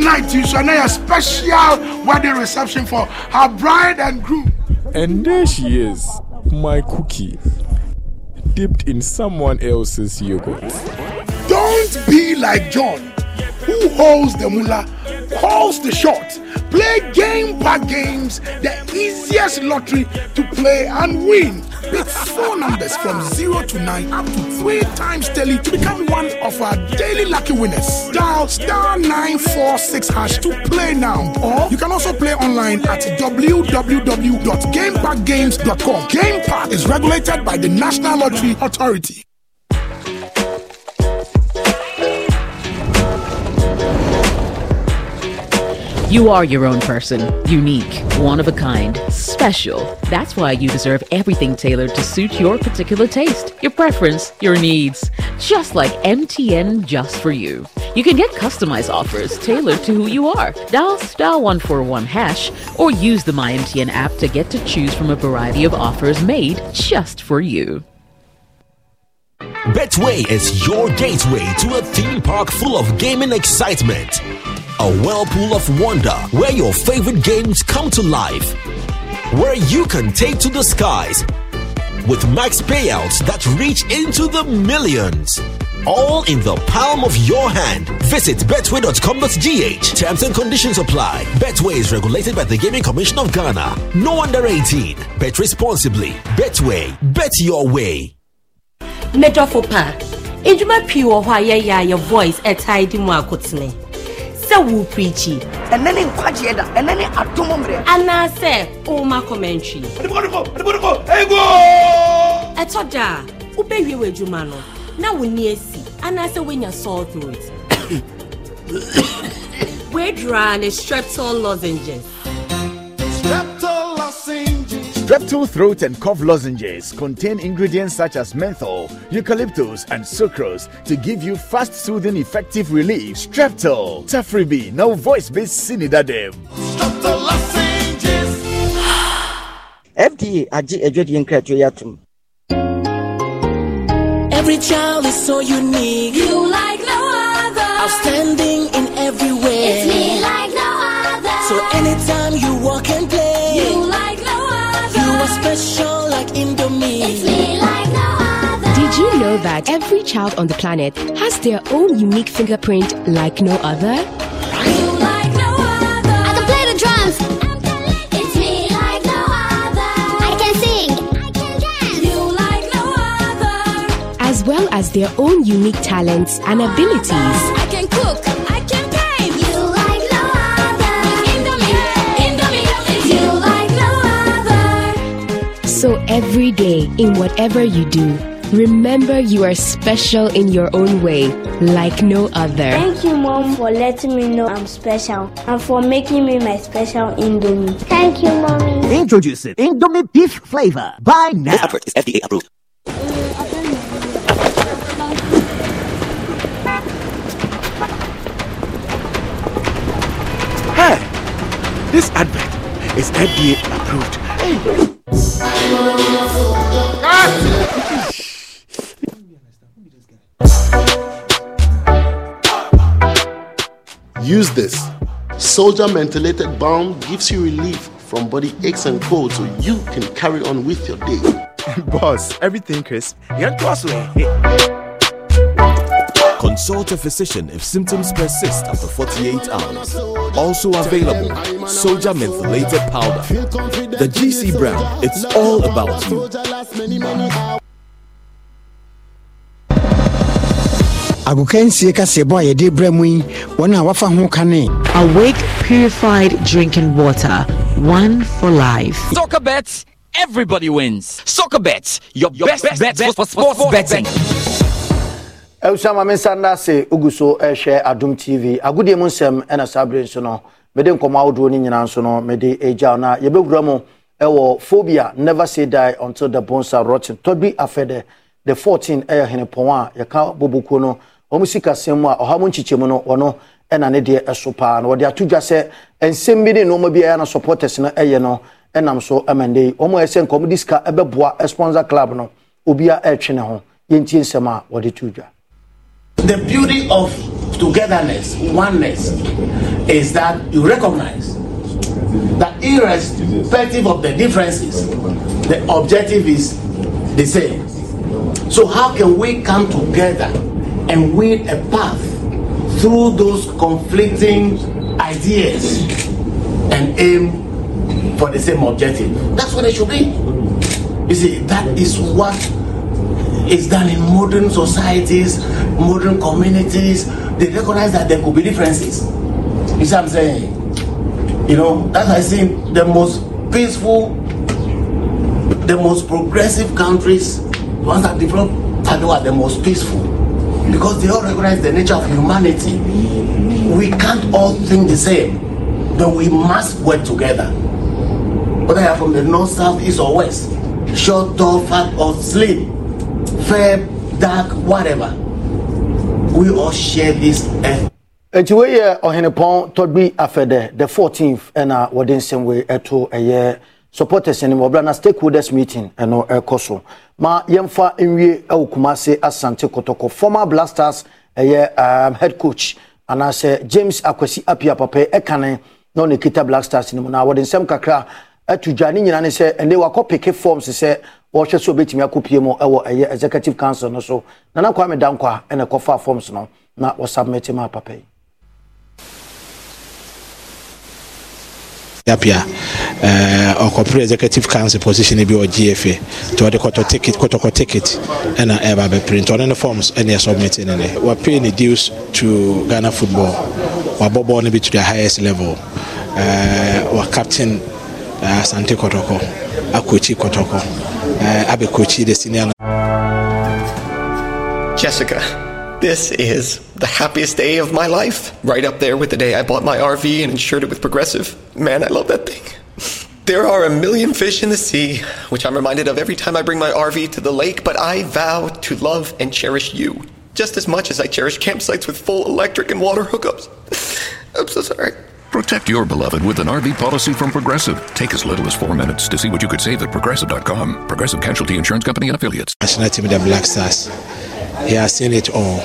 night you shall a special wedding reception for her bride and groom. And there she is, my cookie, dipped in someone else's yogurt. Don't be like John, who holds the mullah calls the shots. Play game by games, the easiest lottery to play and win. With four numbers from 0 to 9 up to 3 times daily to become one of our daily lucky winners. Dial star 946 hash to play now. Or you can also play online at www.gamepackgames.com. Game Park is regulated by the National Lottery Authority. You are your own person, unique, one of a kind, special. That's why you deserve everything tailored to suit your particular taste, your preference, your needs. Just like MTN Just For You. You can get customized offers tailored to who you are. Dial star 141 hash or use the MyMTN app to get to choose from a variety of offers made just for you. Betway is your gateway to a theme park full of gaming excitement a whirlpool of wonder where your favorite games come to life, where you can take to the skies with max payouts that reach into the millions. All in the palm of your hand. Visit betway.com.gh. Terms and conditions apply. Betway is regulated by the Gaming Commission of Ghana. No under 18. Bet responsibly. Betway. Bet your way. Medrofo pa. Ejuma pii wɔ ya your voice ɛtae di mu sɛ wo preachi ɛnɛ ne nkwagyeɛ da ɛnɛ ne adom mmerɛ anaasɛ woma commentary ɛtɔ da a wobɛwie w'adwuma no na wo nni asi anaasɛ woanya sore throat woaduraa ne streptol lozenges Streptococcus throat and cough lozenges contain ingredients such as menthol, eucalyptus, and sucrose to give you fast, soothing, effective relief. Streptol, Tafribi, now voice-based Sinidadem. Streptol lozenges. <sighs> FDA, Aji Ejwedi Nkratu Every child is so unique. You like no other. Outstanding in special like Indomie. It's like no other. Did you know that every child on the planet has their own unique fingerprint like no other? I can play the drums. I can sing. You like no other. As well as their own unique talents and abilities. every day in whatever you do. Remember, you are special in your own way, like no other. Thank you, Mom, for letting me know I'm special and for making me my special Indomie. Thank you, Mommy. Introducing Indomie Beef Flavor. Buy now. This advert is FDA approved. Hey, this advert is FDA approved. Hey. Use this. Soldier Mentholated Balm gives you relief from body aches and cold so you can carry on with your day. <laughs> Boss, everything crisp. You're close, Consult a physician if symptoms persist after 48 hours. Also available, Soja Mentholated Powder. The GC brand, it's all about you. awake purified drinking water one for life soccer bets everybody wins soccer bets your, your best, best bet for sports, sports betting, betting. ɛwusu ama mi nsa nda ase so ɛhwɛ eh, adum tv agudie mu nsɛm ɛna saa abiri nso no mɛde nkɔmɔ ahodoɔ ne nyinaa nso no mɛde egya na yɛbɛwura mu ɛwɔ phobia never say die until the bones are rotten tɔbi afɛdɛ the fourteen ɛyɛ henepɔn a yɛka bobokuo no wɔn si kasɛm mu a ɔha mu nkyikyɛ no wɔno ɛna ne deɛ ɛso paa na wɔde ato dwa sɛ nsɛm bi ne nneɛma bi ɛyɛ na supporters no ɛyɛ no ɛnam so ɛmɛ nde yi wɔn a yɛsɛ nkɔmɔ di ɛbɛboa sponsor club no obiara ɛretwe ne ho yɛntie nsɛm a wɔde to dwa the beauty of togetherness, oneness, is that you recognize that irrespective of the differences, the objective is the same. So, how can we come together and weave a path through those conflicting ideas and aim for the same objective? That's what it should be. You see, that is what is done in modern societies, modern communities, they recognize that there could be differences. You see what I'm saying? You know, that's I see the most peaceful, the most progressive countries, the ones that develop are the most peaceful. Because they all recognize the nature of humanity. We can't all think the same, but we must work together. Whether you are from the north, south, east, or west, short, tall, fat, or slim, fair, dark, whatever. We all share this earth. nti weyɛ ɔhenepɔn tɔgbi afɛdɛ the 14th ɛna wɔde nsɛm wei ɛto ɛyɛ supporters no mu na stakeholders meeting ɛno ɛkɔ so ma yɛmfa nwie ɛwɔ kumase asante kɔtɔkɔ former blasters ɛyɛ um, head coach anaasɛ james akwasi apia papa ɛkane na ɔne kita blasters no mu na wɔde nsɛm kakra ɛto dwa ne nyinaa ne sɛ ɛnɛ wakɔ peke forms sɛ wɔhwɛ sɛ obɛtumi akɔpie mu ɛwɔ ɛyɛ executive council no so nana kwame dankwa ɛna ɛkɔfa forms no na wɔsubmit ma papa yi apia eh, ɔkɔpere executive council position bi wɔ gfa nti wɔde kɔtɔ ticket kɔtɔkɔ ticket ɛna ɛba bɛpere nti ɔne ne forms ɛne yɛ submit ne ne wapay ne dues to ghana football wabɔ bɔɔl no bi to the highest level uh, eh, wa captain eh, asante uh, kɔtɔkɔ akɔkyi kɔtɔkɔ the uh, senior. Jessica, this is the happiest day of my life. Right up there with the day I bought my RV and insured it with Progressive. Man, I love that thing. There are a million fish in the sea, which I'm reminded of every time I bring my RV to the lake, but I vow to love and cherish you just as much as I cherish campsites with full electric and water hookups. <laughs> I'm so sorry. Protect your beloved with an RV policy from Progressive. Take as little as four minutes to see what you could save at progressive.com. Progressive Casualty Insurance Company and Affiliates. National team, the Black Stars. He has seen it all.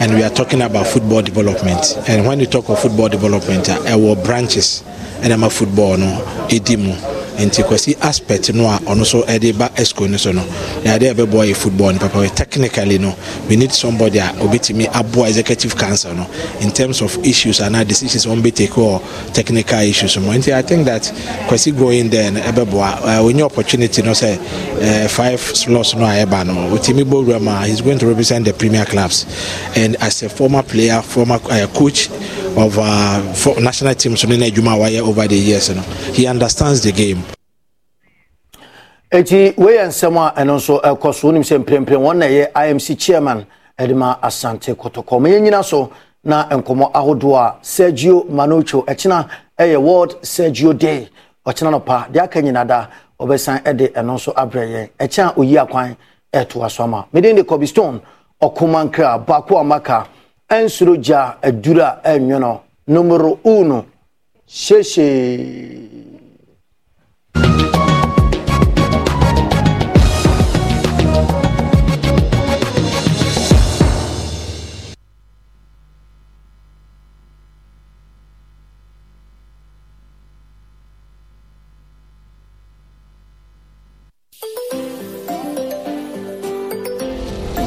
And we are talking about football development. And when you talk of football development, uh, our branches. ɛna ma football no ɛdi mu nti kwasi aspect no a ɔno so ɛde ba esco no so no na a ɛbɛboa yɛ football no papa technically no we need somebody a obetumi aboa executive council no in terms of issues and decisions wɔn bɛ take or technical issues mo nti i think that kwasi going there no ɛbɛboa onye opportunity no sɛ uh, five slots no a ɛba no otimi bɔ wura mu he is going to represent the premier clubs and as a former player former uh, coach of uh, national teams, so ne na adwuma a wayɛ over the years you know, he understands the game eti weyɛ nsɛm a ɛno nso ɛkɔ so wonim sɛ mprempren wɔn na ɛyɛ imc chairman ɛde ma asante kɔtɔkɔ ma yɛnyina so na nkɔmmɔ ahodoɔ a sergio manocho ɛkyena ɛyɛ world sergio day ɔkyena no pa deɛ aka nyina da ɔbɛsan ɛde ɛno nso abrɛ yɛn ɛkyɛn a oyi akwan ɛtoa so ama meden de kobe stone ɔkoma nkra baako amaka ɛnsoro gya aduru ɛnwono numero uno 谢谢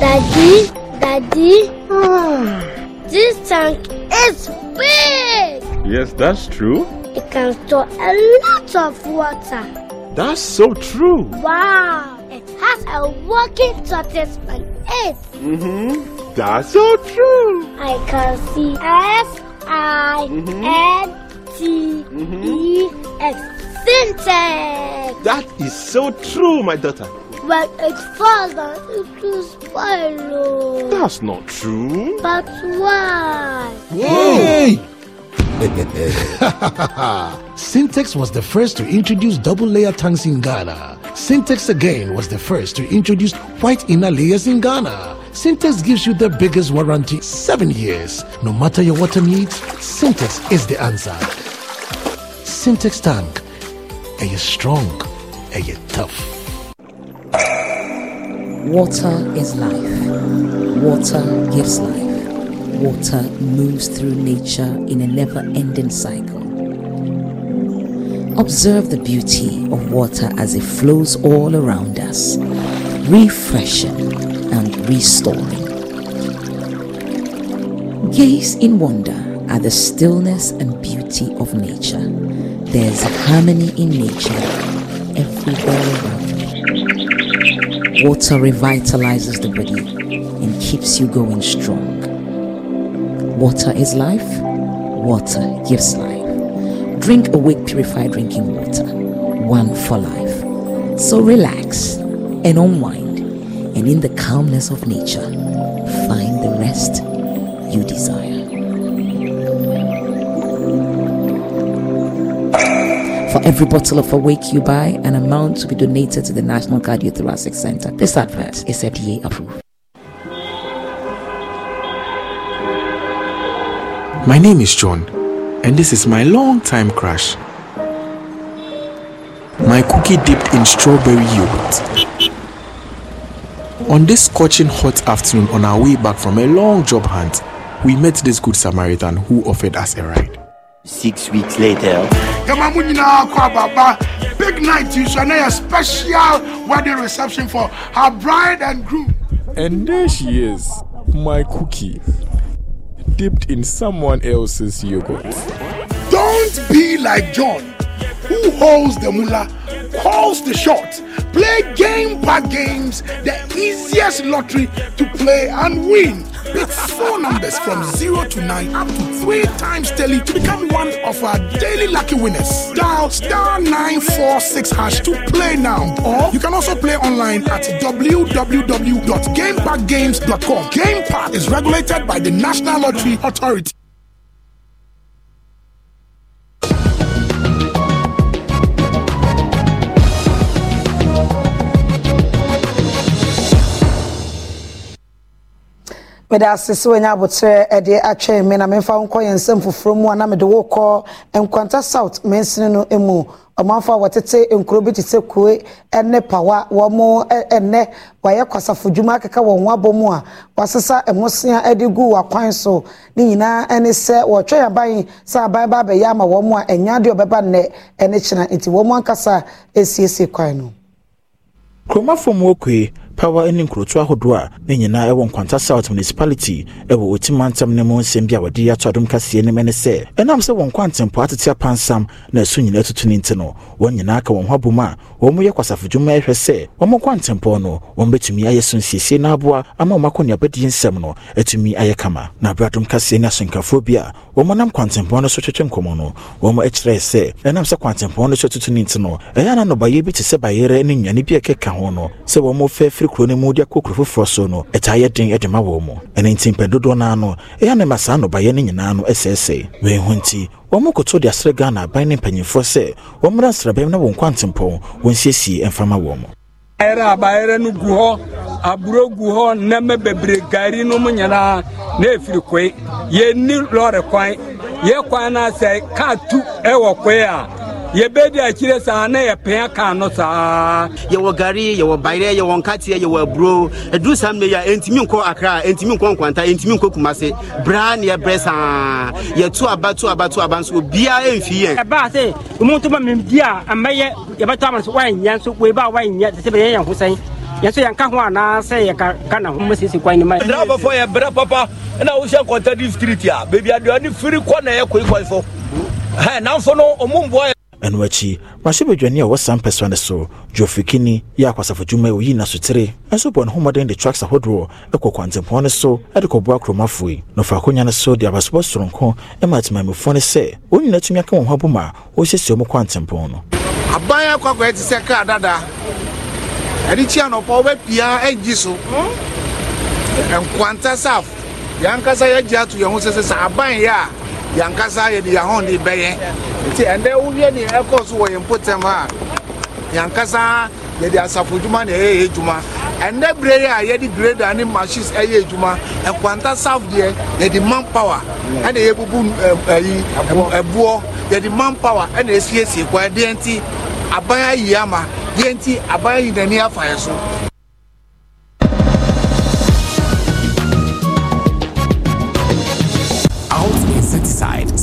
大吉大吉啊 This tank is big! Yes, that's true. It can store a lot of water. That's so true. Wow! It has a working tortoise on it. Mm-hmm. That's so true. I can see S I mm-hmm. N T mm-hmm. syntax. That is so true, my daughter. But it's father, it is spider. That's not true. That's why. Yay! <laughs> Syntex was the first to introduce double layer tanks in Ghana. Syntex again was the first to introduce white inner layers in Ghana. Syntex gives you the biggest warranty seven years. No matter your water needs, Syntex is the answer. Syntex tank. Are you strong? Are you tough? Water is life. Water gives life. Water moves through nature in a never ending cycle. Observe the beauty of water as it flows all around us, refreshing and restoring. Gaze in wonder at the stillness and beauty of nature. There's harmony in nature everywhere around. Water revitalizes the body and keeps you going strong. Water is life. Water gives life. Drink awake purified drinking water. One for life. So relax and unwind and in the calmness of nature, find the rest you desire. For every bottle of Awake you buy, an amount to be donated to the National Cardiothoracic Center. This advert is FDA approved. My name is John, and this is my long time crush. My cookie dipped in strawberry yogurt. On this scorching hot afternoon, on our way back from a long job hunt, we met this good Samaritan who offered us a ride. Six weeks later. Big night, you shall know a special wedding reception for her bride and groom. And there she is, my cookie, dipped in someone else's yogurt. Don't be like John, who holds the mullah, calls the shots, play game by games, the easiest lottery to play and win. Pick four numbers from 0 to 9 up to 3 times daily to become one of our daily lucky winners. Dial star 946 hash to play now. Or you can also play online at www.gamepackgames.com. Game Park is regulated by the National Lottery Authority. mede asese wanya abotire de atwɛn me na memfa nkɔ nsɛm foforɔ mu a na mede wokɔ nkwanta south mensini no mu ɔmanfo a wɔtete nkuro bi te sɛ kue ne pawa wɔn nnɛ wɔayɛ kwasafodwuma akeka wɔn ho abɔ mu a wɔasesa ɛmosea gu so ne nyinaa sɛ aban sɛ aban ba ama a ɛnya ɔbɛba nnɛ kyena nti wɔn pawa ne nkurotu ahodoɔ a ne nyinaa ɛwɔ nkwanta south municipality ɛwɔ otima ntam ne mu nsɛm bi a wɔde ato adom kaseɛ no ne sɛ ɛnam sɛ wɔn nkwantempo atete apansam na ɛso nyinaa atutu ne nti no wɔn nyinaa ka wɔn ho abom a wɔn yɛ kwasafodwuma ɛhwɛ sɛ wɔn nkwantempɔ no wɔn bɛtumi ayɛ so nsiesie no aboa ama wɔn akɔneabadie nsɛm no atumi ayɛ kama na abere kaseɛ ne asonkafoɔ bi a wɔn nam kwantempɔn no so twetwe nkɔmmɔ no wɔn kyerɛɛ sɛ ɛnam sɛ kwantempɔn no so atutu ne nti no ɛyɛ ananobayɛ bi te sɛ bayerɛ ne nnuane bi a ɛkeka ho no sɛ wɔn fɛɛfiri kuro no mu de akɔ kuro foforɔ so no ɛtaa yɛ den de ma wɔn mu ɛne nti mpɛ dodoɔ naa no ɛyɛ ne ma saa nnɔbaeɛ no nyinaa no ɛsɛɛsɛe wei ho nti wɔn koto de asrɛ ghana aban ne mpanyinfoɔ sɛ wɔn mmra nsrabɛm na wɔn kwantempɔn wɔn siesie mfama wɔn mu ayɛrɛ abayɛrɛ no gu hɔ aburo gu hɔ nnɛmɛ bebree gari no mu nyinaa na efiri koe yɛni lɔɔre kwan yɛ kwan na sɛ kaa tu ɛwɔ koe a yɛbɛdi akyire saa na yɛpɛn kaa no saa yɛwɔ gari yɛwɔ bayerɛ yɛwɔ nkateɛ yɛwɔ aburo ɛduru saa mmɛ yi a ɛntumi nkɔ akra ɛntumi nkɔ nkwanta ɛntumi nkɔ kumase braa ne yɛbrɛ saa yɛto aba to aba to aba nso obiaa ɛmfi yɛn ɛbaa sɛ ɔmu nto ma memdi a ɛmɛyɛ yɛbɛtɔ ama no sɛ woanyɛ nso wei ba a woanyɛ sɛ bɛyɛ yɛn ho sɛn yɛnso yɛnka ho anaasɛ yɛka na ho masiesie kwan no ma drabɔfo yɛbrɛ papa na wohyɛ nkɔnta district a baabi aduane firi kɔ na ɛyɛ koikɔe so namfo no ɔmu ɛno akyi mahyɛ badwani a ɔwɔ saa mpɛsoa no so dwofikini yɛ akwasafo dwuma a ɔyii n'asotere ɛnso bɔ ne ho mmɔden de tracks ahodoɔ ɛkɔ kwantempɔn no so ɛde kɔboa kuromafoe na ɔfa akonya no so de abasobɔ soronko ma atemammufoɔ no sɛ wɔn nyinaa atumi aka wɔn ho abom a wɔresiesie ɔmo kwantempɔn no aban akɔakɔɛ te sɛ kaa dada ɛde kyi anɔpa wobɛpia agyi so hmm? nkwanta saf yɛankasa yɛagye ato yɛn ho sɛ sɛ sɛ aban yɛ a yankasa yɛde yɛn ho ne bɛyɛ nti ɛndɛ wowie ne ɛkɔ so wɔ yɛn mpɔtam a yankasa yɛde asafo dwuma ne ɛyɛ yɛ juma, ɛndɛ bere eh, eh, yi a eh, yɛde grader ne machines ɛyɛ adwuma ɛkwanta south deɛ yɛde man power ɛna yɛbubu ɛyi ɛboɔ yɛde man power ɛna esiesie kwan deɛ nti aban ayi ama deɛ nti aban yi n'ani afa yɛ so.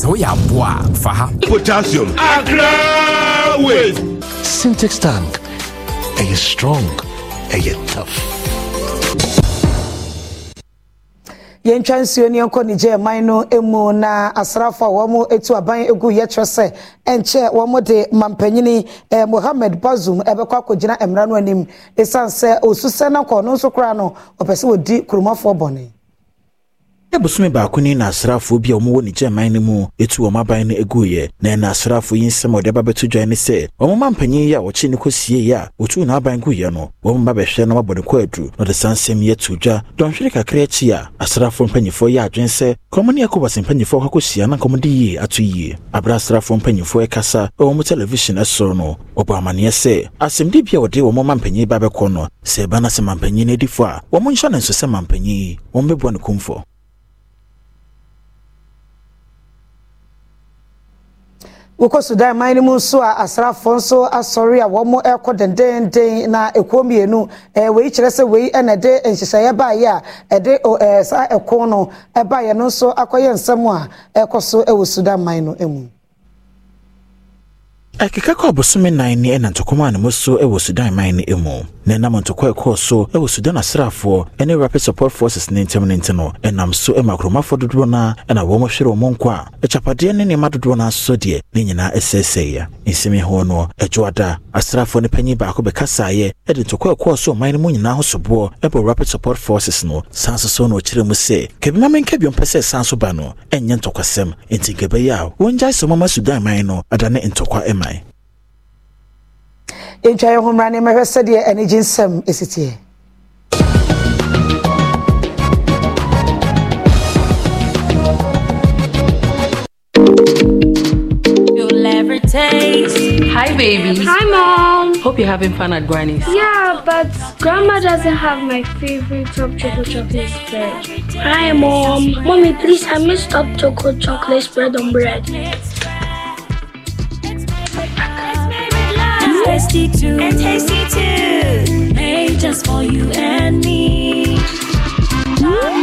sɛ woyɛ aboa a fa ha potassium akra weight syntex tank ɛyɛ strong ɛyɛ tough yɛntwa nsuo ne yɛnkɔ nigye man no mu na asraafo a wɔn etu aban egu yɛtwerɛ sɛ nkyɛ wɔn de mampanyini eh, mohammed bazoum ɛbɛkɔ akɔgyina mmara no anim esan sɛ osusɛ na kɔɔ no nso koraa no ɔpɛ sɛ wɔdi kurumafoɔ bɔnee ɛbosome baako ni na asraafoɔ bi a wɔwɔ ne gyaman no mu etu wɔn aban no eguiɛ na ɛna asraafoɔ yi nsɛm a ɔde aba bɛto dwan ne sɛ wɔn mma mpanyin yi a wɔkye ne kɔsie yi a wɔtu n'aban guiɛ no wɔn mma bɛhwɛ na wɔabɔ ne kɔ adu na ɔde saa nsɛm yi ato dwa dɔnhwere kakra akyi a asraafoɔ mpanyinfoɔ yɛ adwen sɛ kɔm ne ɛkɔbɔs mpanyinfoɔ kɔkɔhyia na nkɔm de yie ato yie abere asraafoɔ mpanyinfoɔ ɛkasa wɔ wɔn television ɛsoro no wɔbɔ amanneɛ sɛ asɛmde bi a wɔde wɔn mma mpanyin ba bɛkɔ no sɛ ɛba no sɛ mampanyin no adifo a wɔn nhyɛ ne nso sɛ mampanyin wɔn bɛboa ne kumfɔ wokɔ sudan man no mu nso a asraafoɔ nso asɔre a wɔn ɛkɔ dendenden na ekuo mmienu ɛɛ wei kyerɛ sɛ wei ɛna ɛde nhyehyɛeɛ baayɛ a ɛde ɛɛ saa ɛko no ɛbaayɛ no nso akɔyɛ nsɛm a ɛkɔ so ɛwɔ sudan man no mu. ɛkeka kɔ abosome nan ne ɛna ntokoma a ne mu so wɔ sudan man no mu na nam ntokɔ ɛkɔɔ so wɔ sudan asraafoɔ ne rapid support forces ne ntɛm ne nti no ɛnam so ma kuromafoɔ dodoɔ no a ɛna wɔn hwere wɔn nkɔ a akyapadeɛ ne nneɛma dodoɔ no asosɔ deɛ ne nyinaa ɛsɛesɛeɛ nsɛm ho no ɛgyoada asraafoɔ no panyin baako bɛkasaeɛ ɛde ntokɔ ɛkɔɔ so ɔman no mu nyinaa ho ɛbɔ rapid support forces no san so so na ɔkyerɛ mu sɛ kabima me nka biom pɛ sɛ san so ba no ɛnyɛ ntɔkwasɛm enti nkɛbɛyɛ a wɔngyae sɛ mama sudan man no ada ne ntɔkwa ma ɛtwa yɛ ho mmara ne mmɛhwɛ sɛdeɛ anigye nsɛm Hi, babies. Hi, mom. Hope you're having fun at Granny's. Yeah, but grandma doesn't have my favorite top chocolate chocolate spread. Hi, mom. Mommy, please, I missed top chocolate chocolate spread on bread. tasty too. And tasty too. Made just for you and me.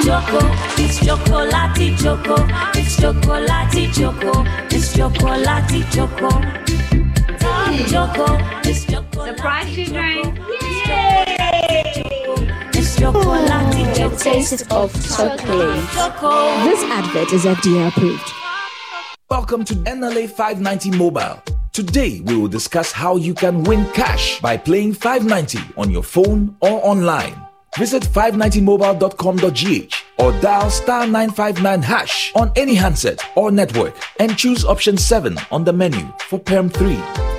Choco, it's chocolati choco, it's chocolati choco, it's chocolati choco. Choco, it's chocolati. Surprise children! Yay! Taste of chocolate. This advert is FDA approved. Welcome to NLA 590 Mobile Today, we will discuss how you can win cash by playing 590 on your phone or online. Visit 590mobile.com.gh or dial star 959 hash on any handset or network and choose option 7 on the menu for PERM 3.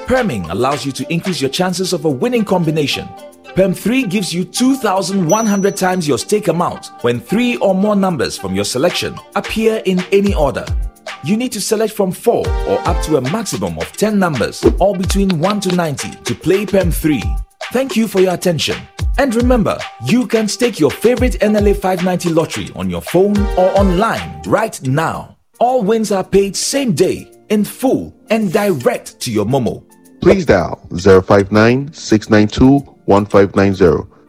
PERMing allows you to increase your chances of a winning combination. PERM 3 gives you 2,100 times your stake amount when three or more numbers from your selection appear in any order. You need to select from 4 or up to a maximum of 10 numbers, all between 1 to 90, to play PEM 3. Thank you for your attention. And remember, you can stake your favorite NLA 590 lottery on your phone or online right now. All wins are paid same day, in full, and direct to your Momo. Please dial 059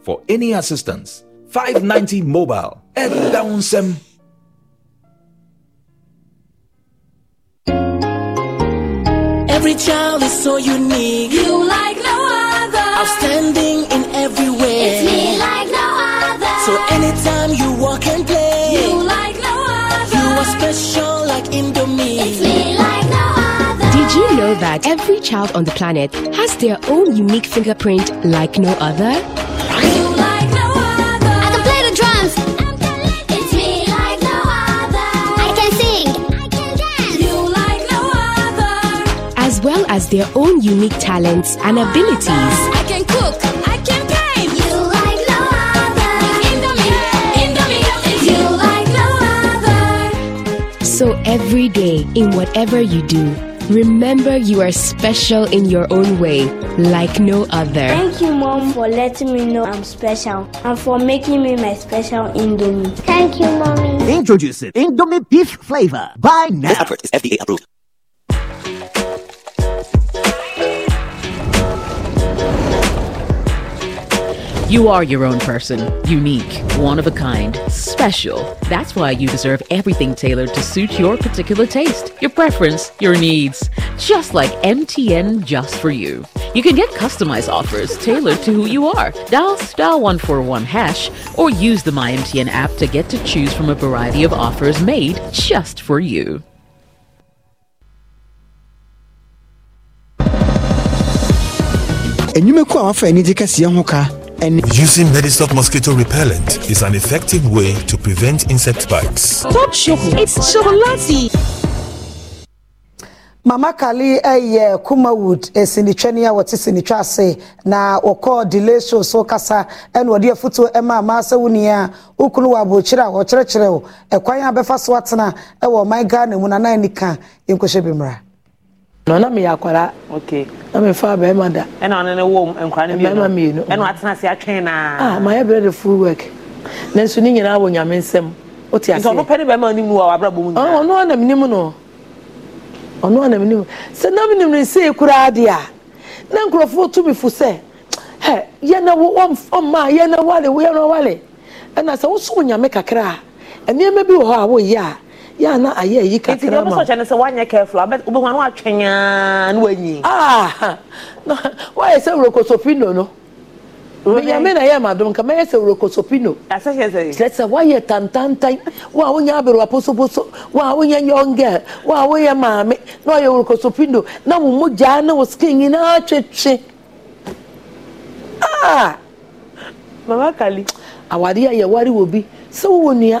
for any assistance. 590 Mobile. Downsem. Every child is so unique. You like no other. Outstanding in every way. It's me like no other. So anytime you walk and play. You like no other. You are special like Indomie. It's me like no other. Did you know that every child on the planet has their own unique fingerprint like no other? has their own unique talents and abilities. I can cook, I can paint. You like no other. Indomie, Indomie, you like no other. So every day, in whatever you do, remember you are special in your own way, like no other. Thank you, Mom, for letting me know I'm special and for making me my special Indomie. Thank you, Mommy. Introducing Indomie Beef Flavor. Buy now. This advert is FDA approved. You are your own person, unique, one of a kind, special. That's why you deserve everything tailored to suit your particular taste, your preference, your needs. Just like MTN Just For You. You can get customized offers tailored to who you are. Dial star 141 hash or use the MyMTN app to get to choose from a variety of offers made just for you. enyimekwu a wafa anigye kɛseɛ ho ka any. Using Medistop mosquito repellent is an effective way to prevent insect bites. Stop shopping. It's chocolate. mama kali ɛyɛ eh, kumawood esinitwa eh, ni a wɔte sinitwa ase na wɔkɔ delay show so kasa ɛna wɔde afutuo ɛma eh, amaasa wunia okunu wɔ abokyerɛ a wɔkyerɛkyerɛ o ɛkwan eh, a so atena ɛwɔ ɔman ghana mu na nan nika yɛn kɔhyɛ bi mra na ɔna meyɛ akwara na mefa bɛrima da bɛrima mmienu mayɛ brɛde full work nanso ne nyinaa wɔ nyame nsɛm ɔno anam nim no ɔno anam nim sɛ nam nim no sei koraa deɛ a na nkurɔfoɔ tumi fo sɛ hɛ yɛna ɔmma yɛna wale yɛna wale ɛna sɛ wosom nyame kakra a nneɛma bi wɔ hɔ a woyɛ a yà na ayé èyí kakra ma. nti ní ọmọ sọ̀kyẹ́ ni sẹ́ wàá nyẹ kẹ́fù abẹ́ ọbẹ̀ wọn atwẹ́n yàn ní wọ́n yìn. wọ́n yẹ sẹ́ wòlòkòsòpino no meyame na yɛ madom ka mɛyɛ sɛ wurokosopino kyerɛ sɛ woayɛ tantantan wo a wonyɛ aberewa posoposo wo a wonyɛ yɔngɛl wo a woyɛ maame na ɔyɛ wurokosopino na wo mogyaa ne wo skin nyinaa twetwe mama kali awade a yɛware wɔ bi sɛ wowɔ nnua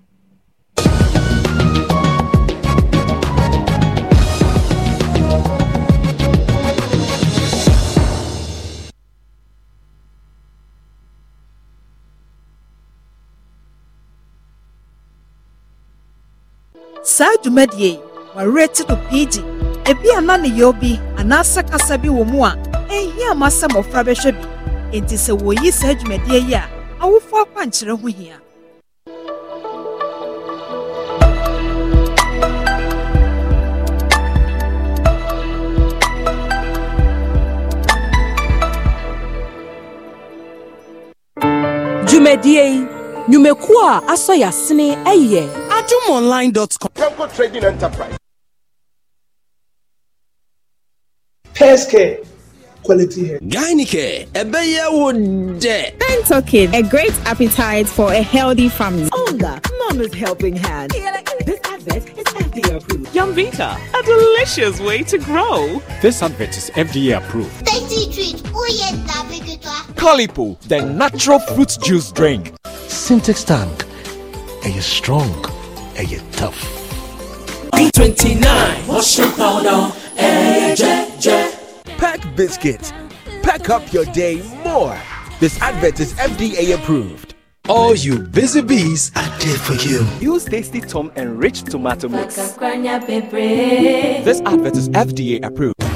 saa dwumadie yi wɔwerɛ te no piigyi ebi ana ne yɛw bi anaasɛ kasa bi wɔ mu a ɛnhia ma sɛ mmɔfra bɛhwɛ bi enti sɛ wɔyi saa dwumadie yi a awofoɔ akwankyerɛ ho hia dwumadie yi nnwumakuo a asɔ yɛ asene ɛyɛ ajumonline.com. Temple Trading Enterprise. Pescare. Quality hair. A Ebeya would de. Pentokin. A great appetite for a healthy family. Olga. Mama's helping hand. this advert is FDA approved. Yumvita. A delicious way to grow. This advert is FDA approved. Tasty treat. Oh yes, Calipo. The natural fruit juice drink. Syntax tank. Are you strong? ẹ̀yẹ tough. twenty pack biscuits pack up your day more this advert is fda approved. All you busy bees are there for you. Use tasty Tom enriched tomato mix. This advert is FDA approved.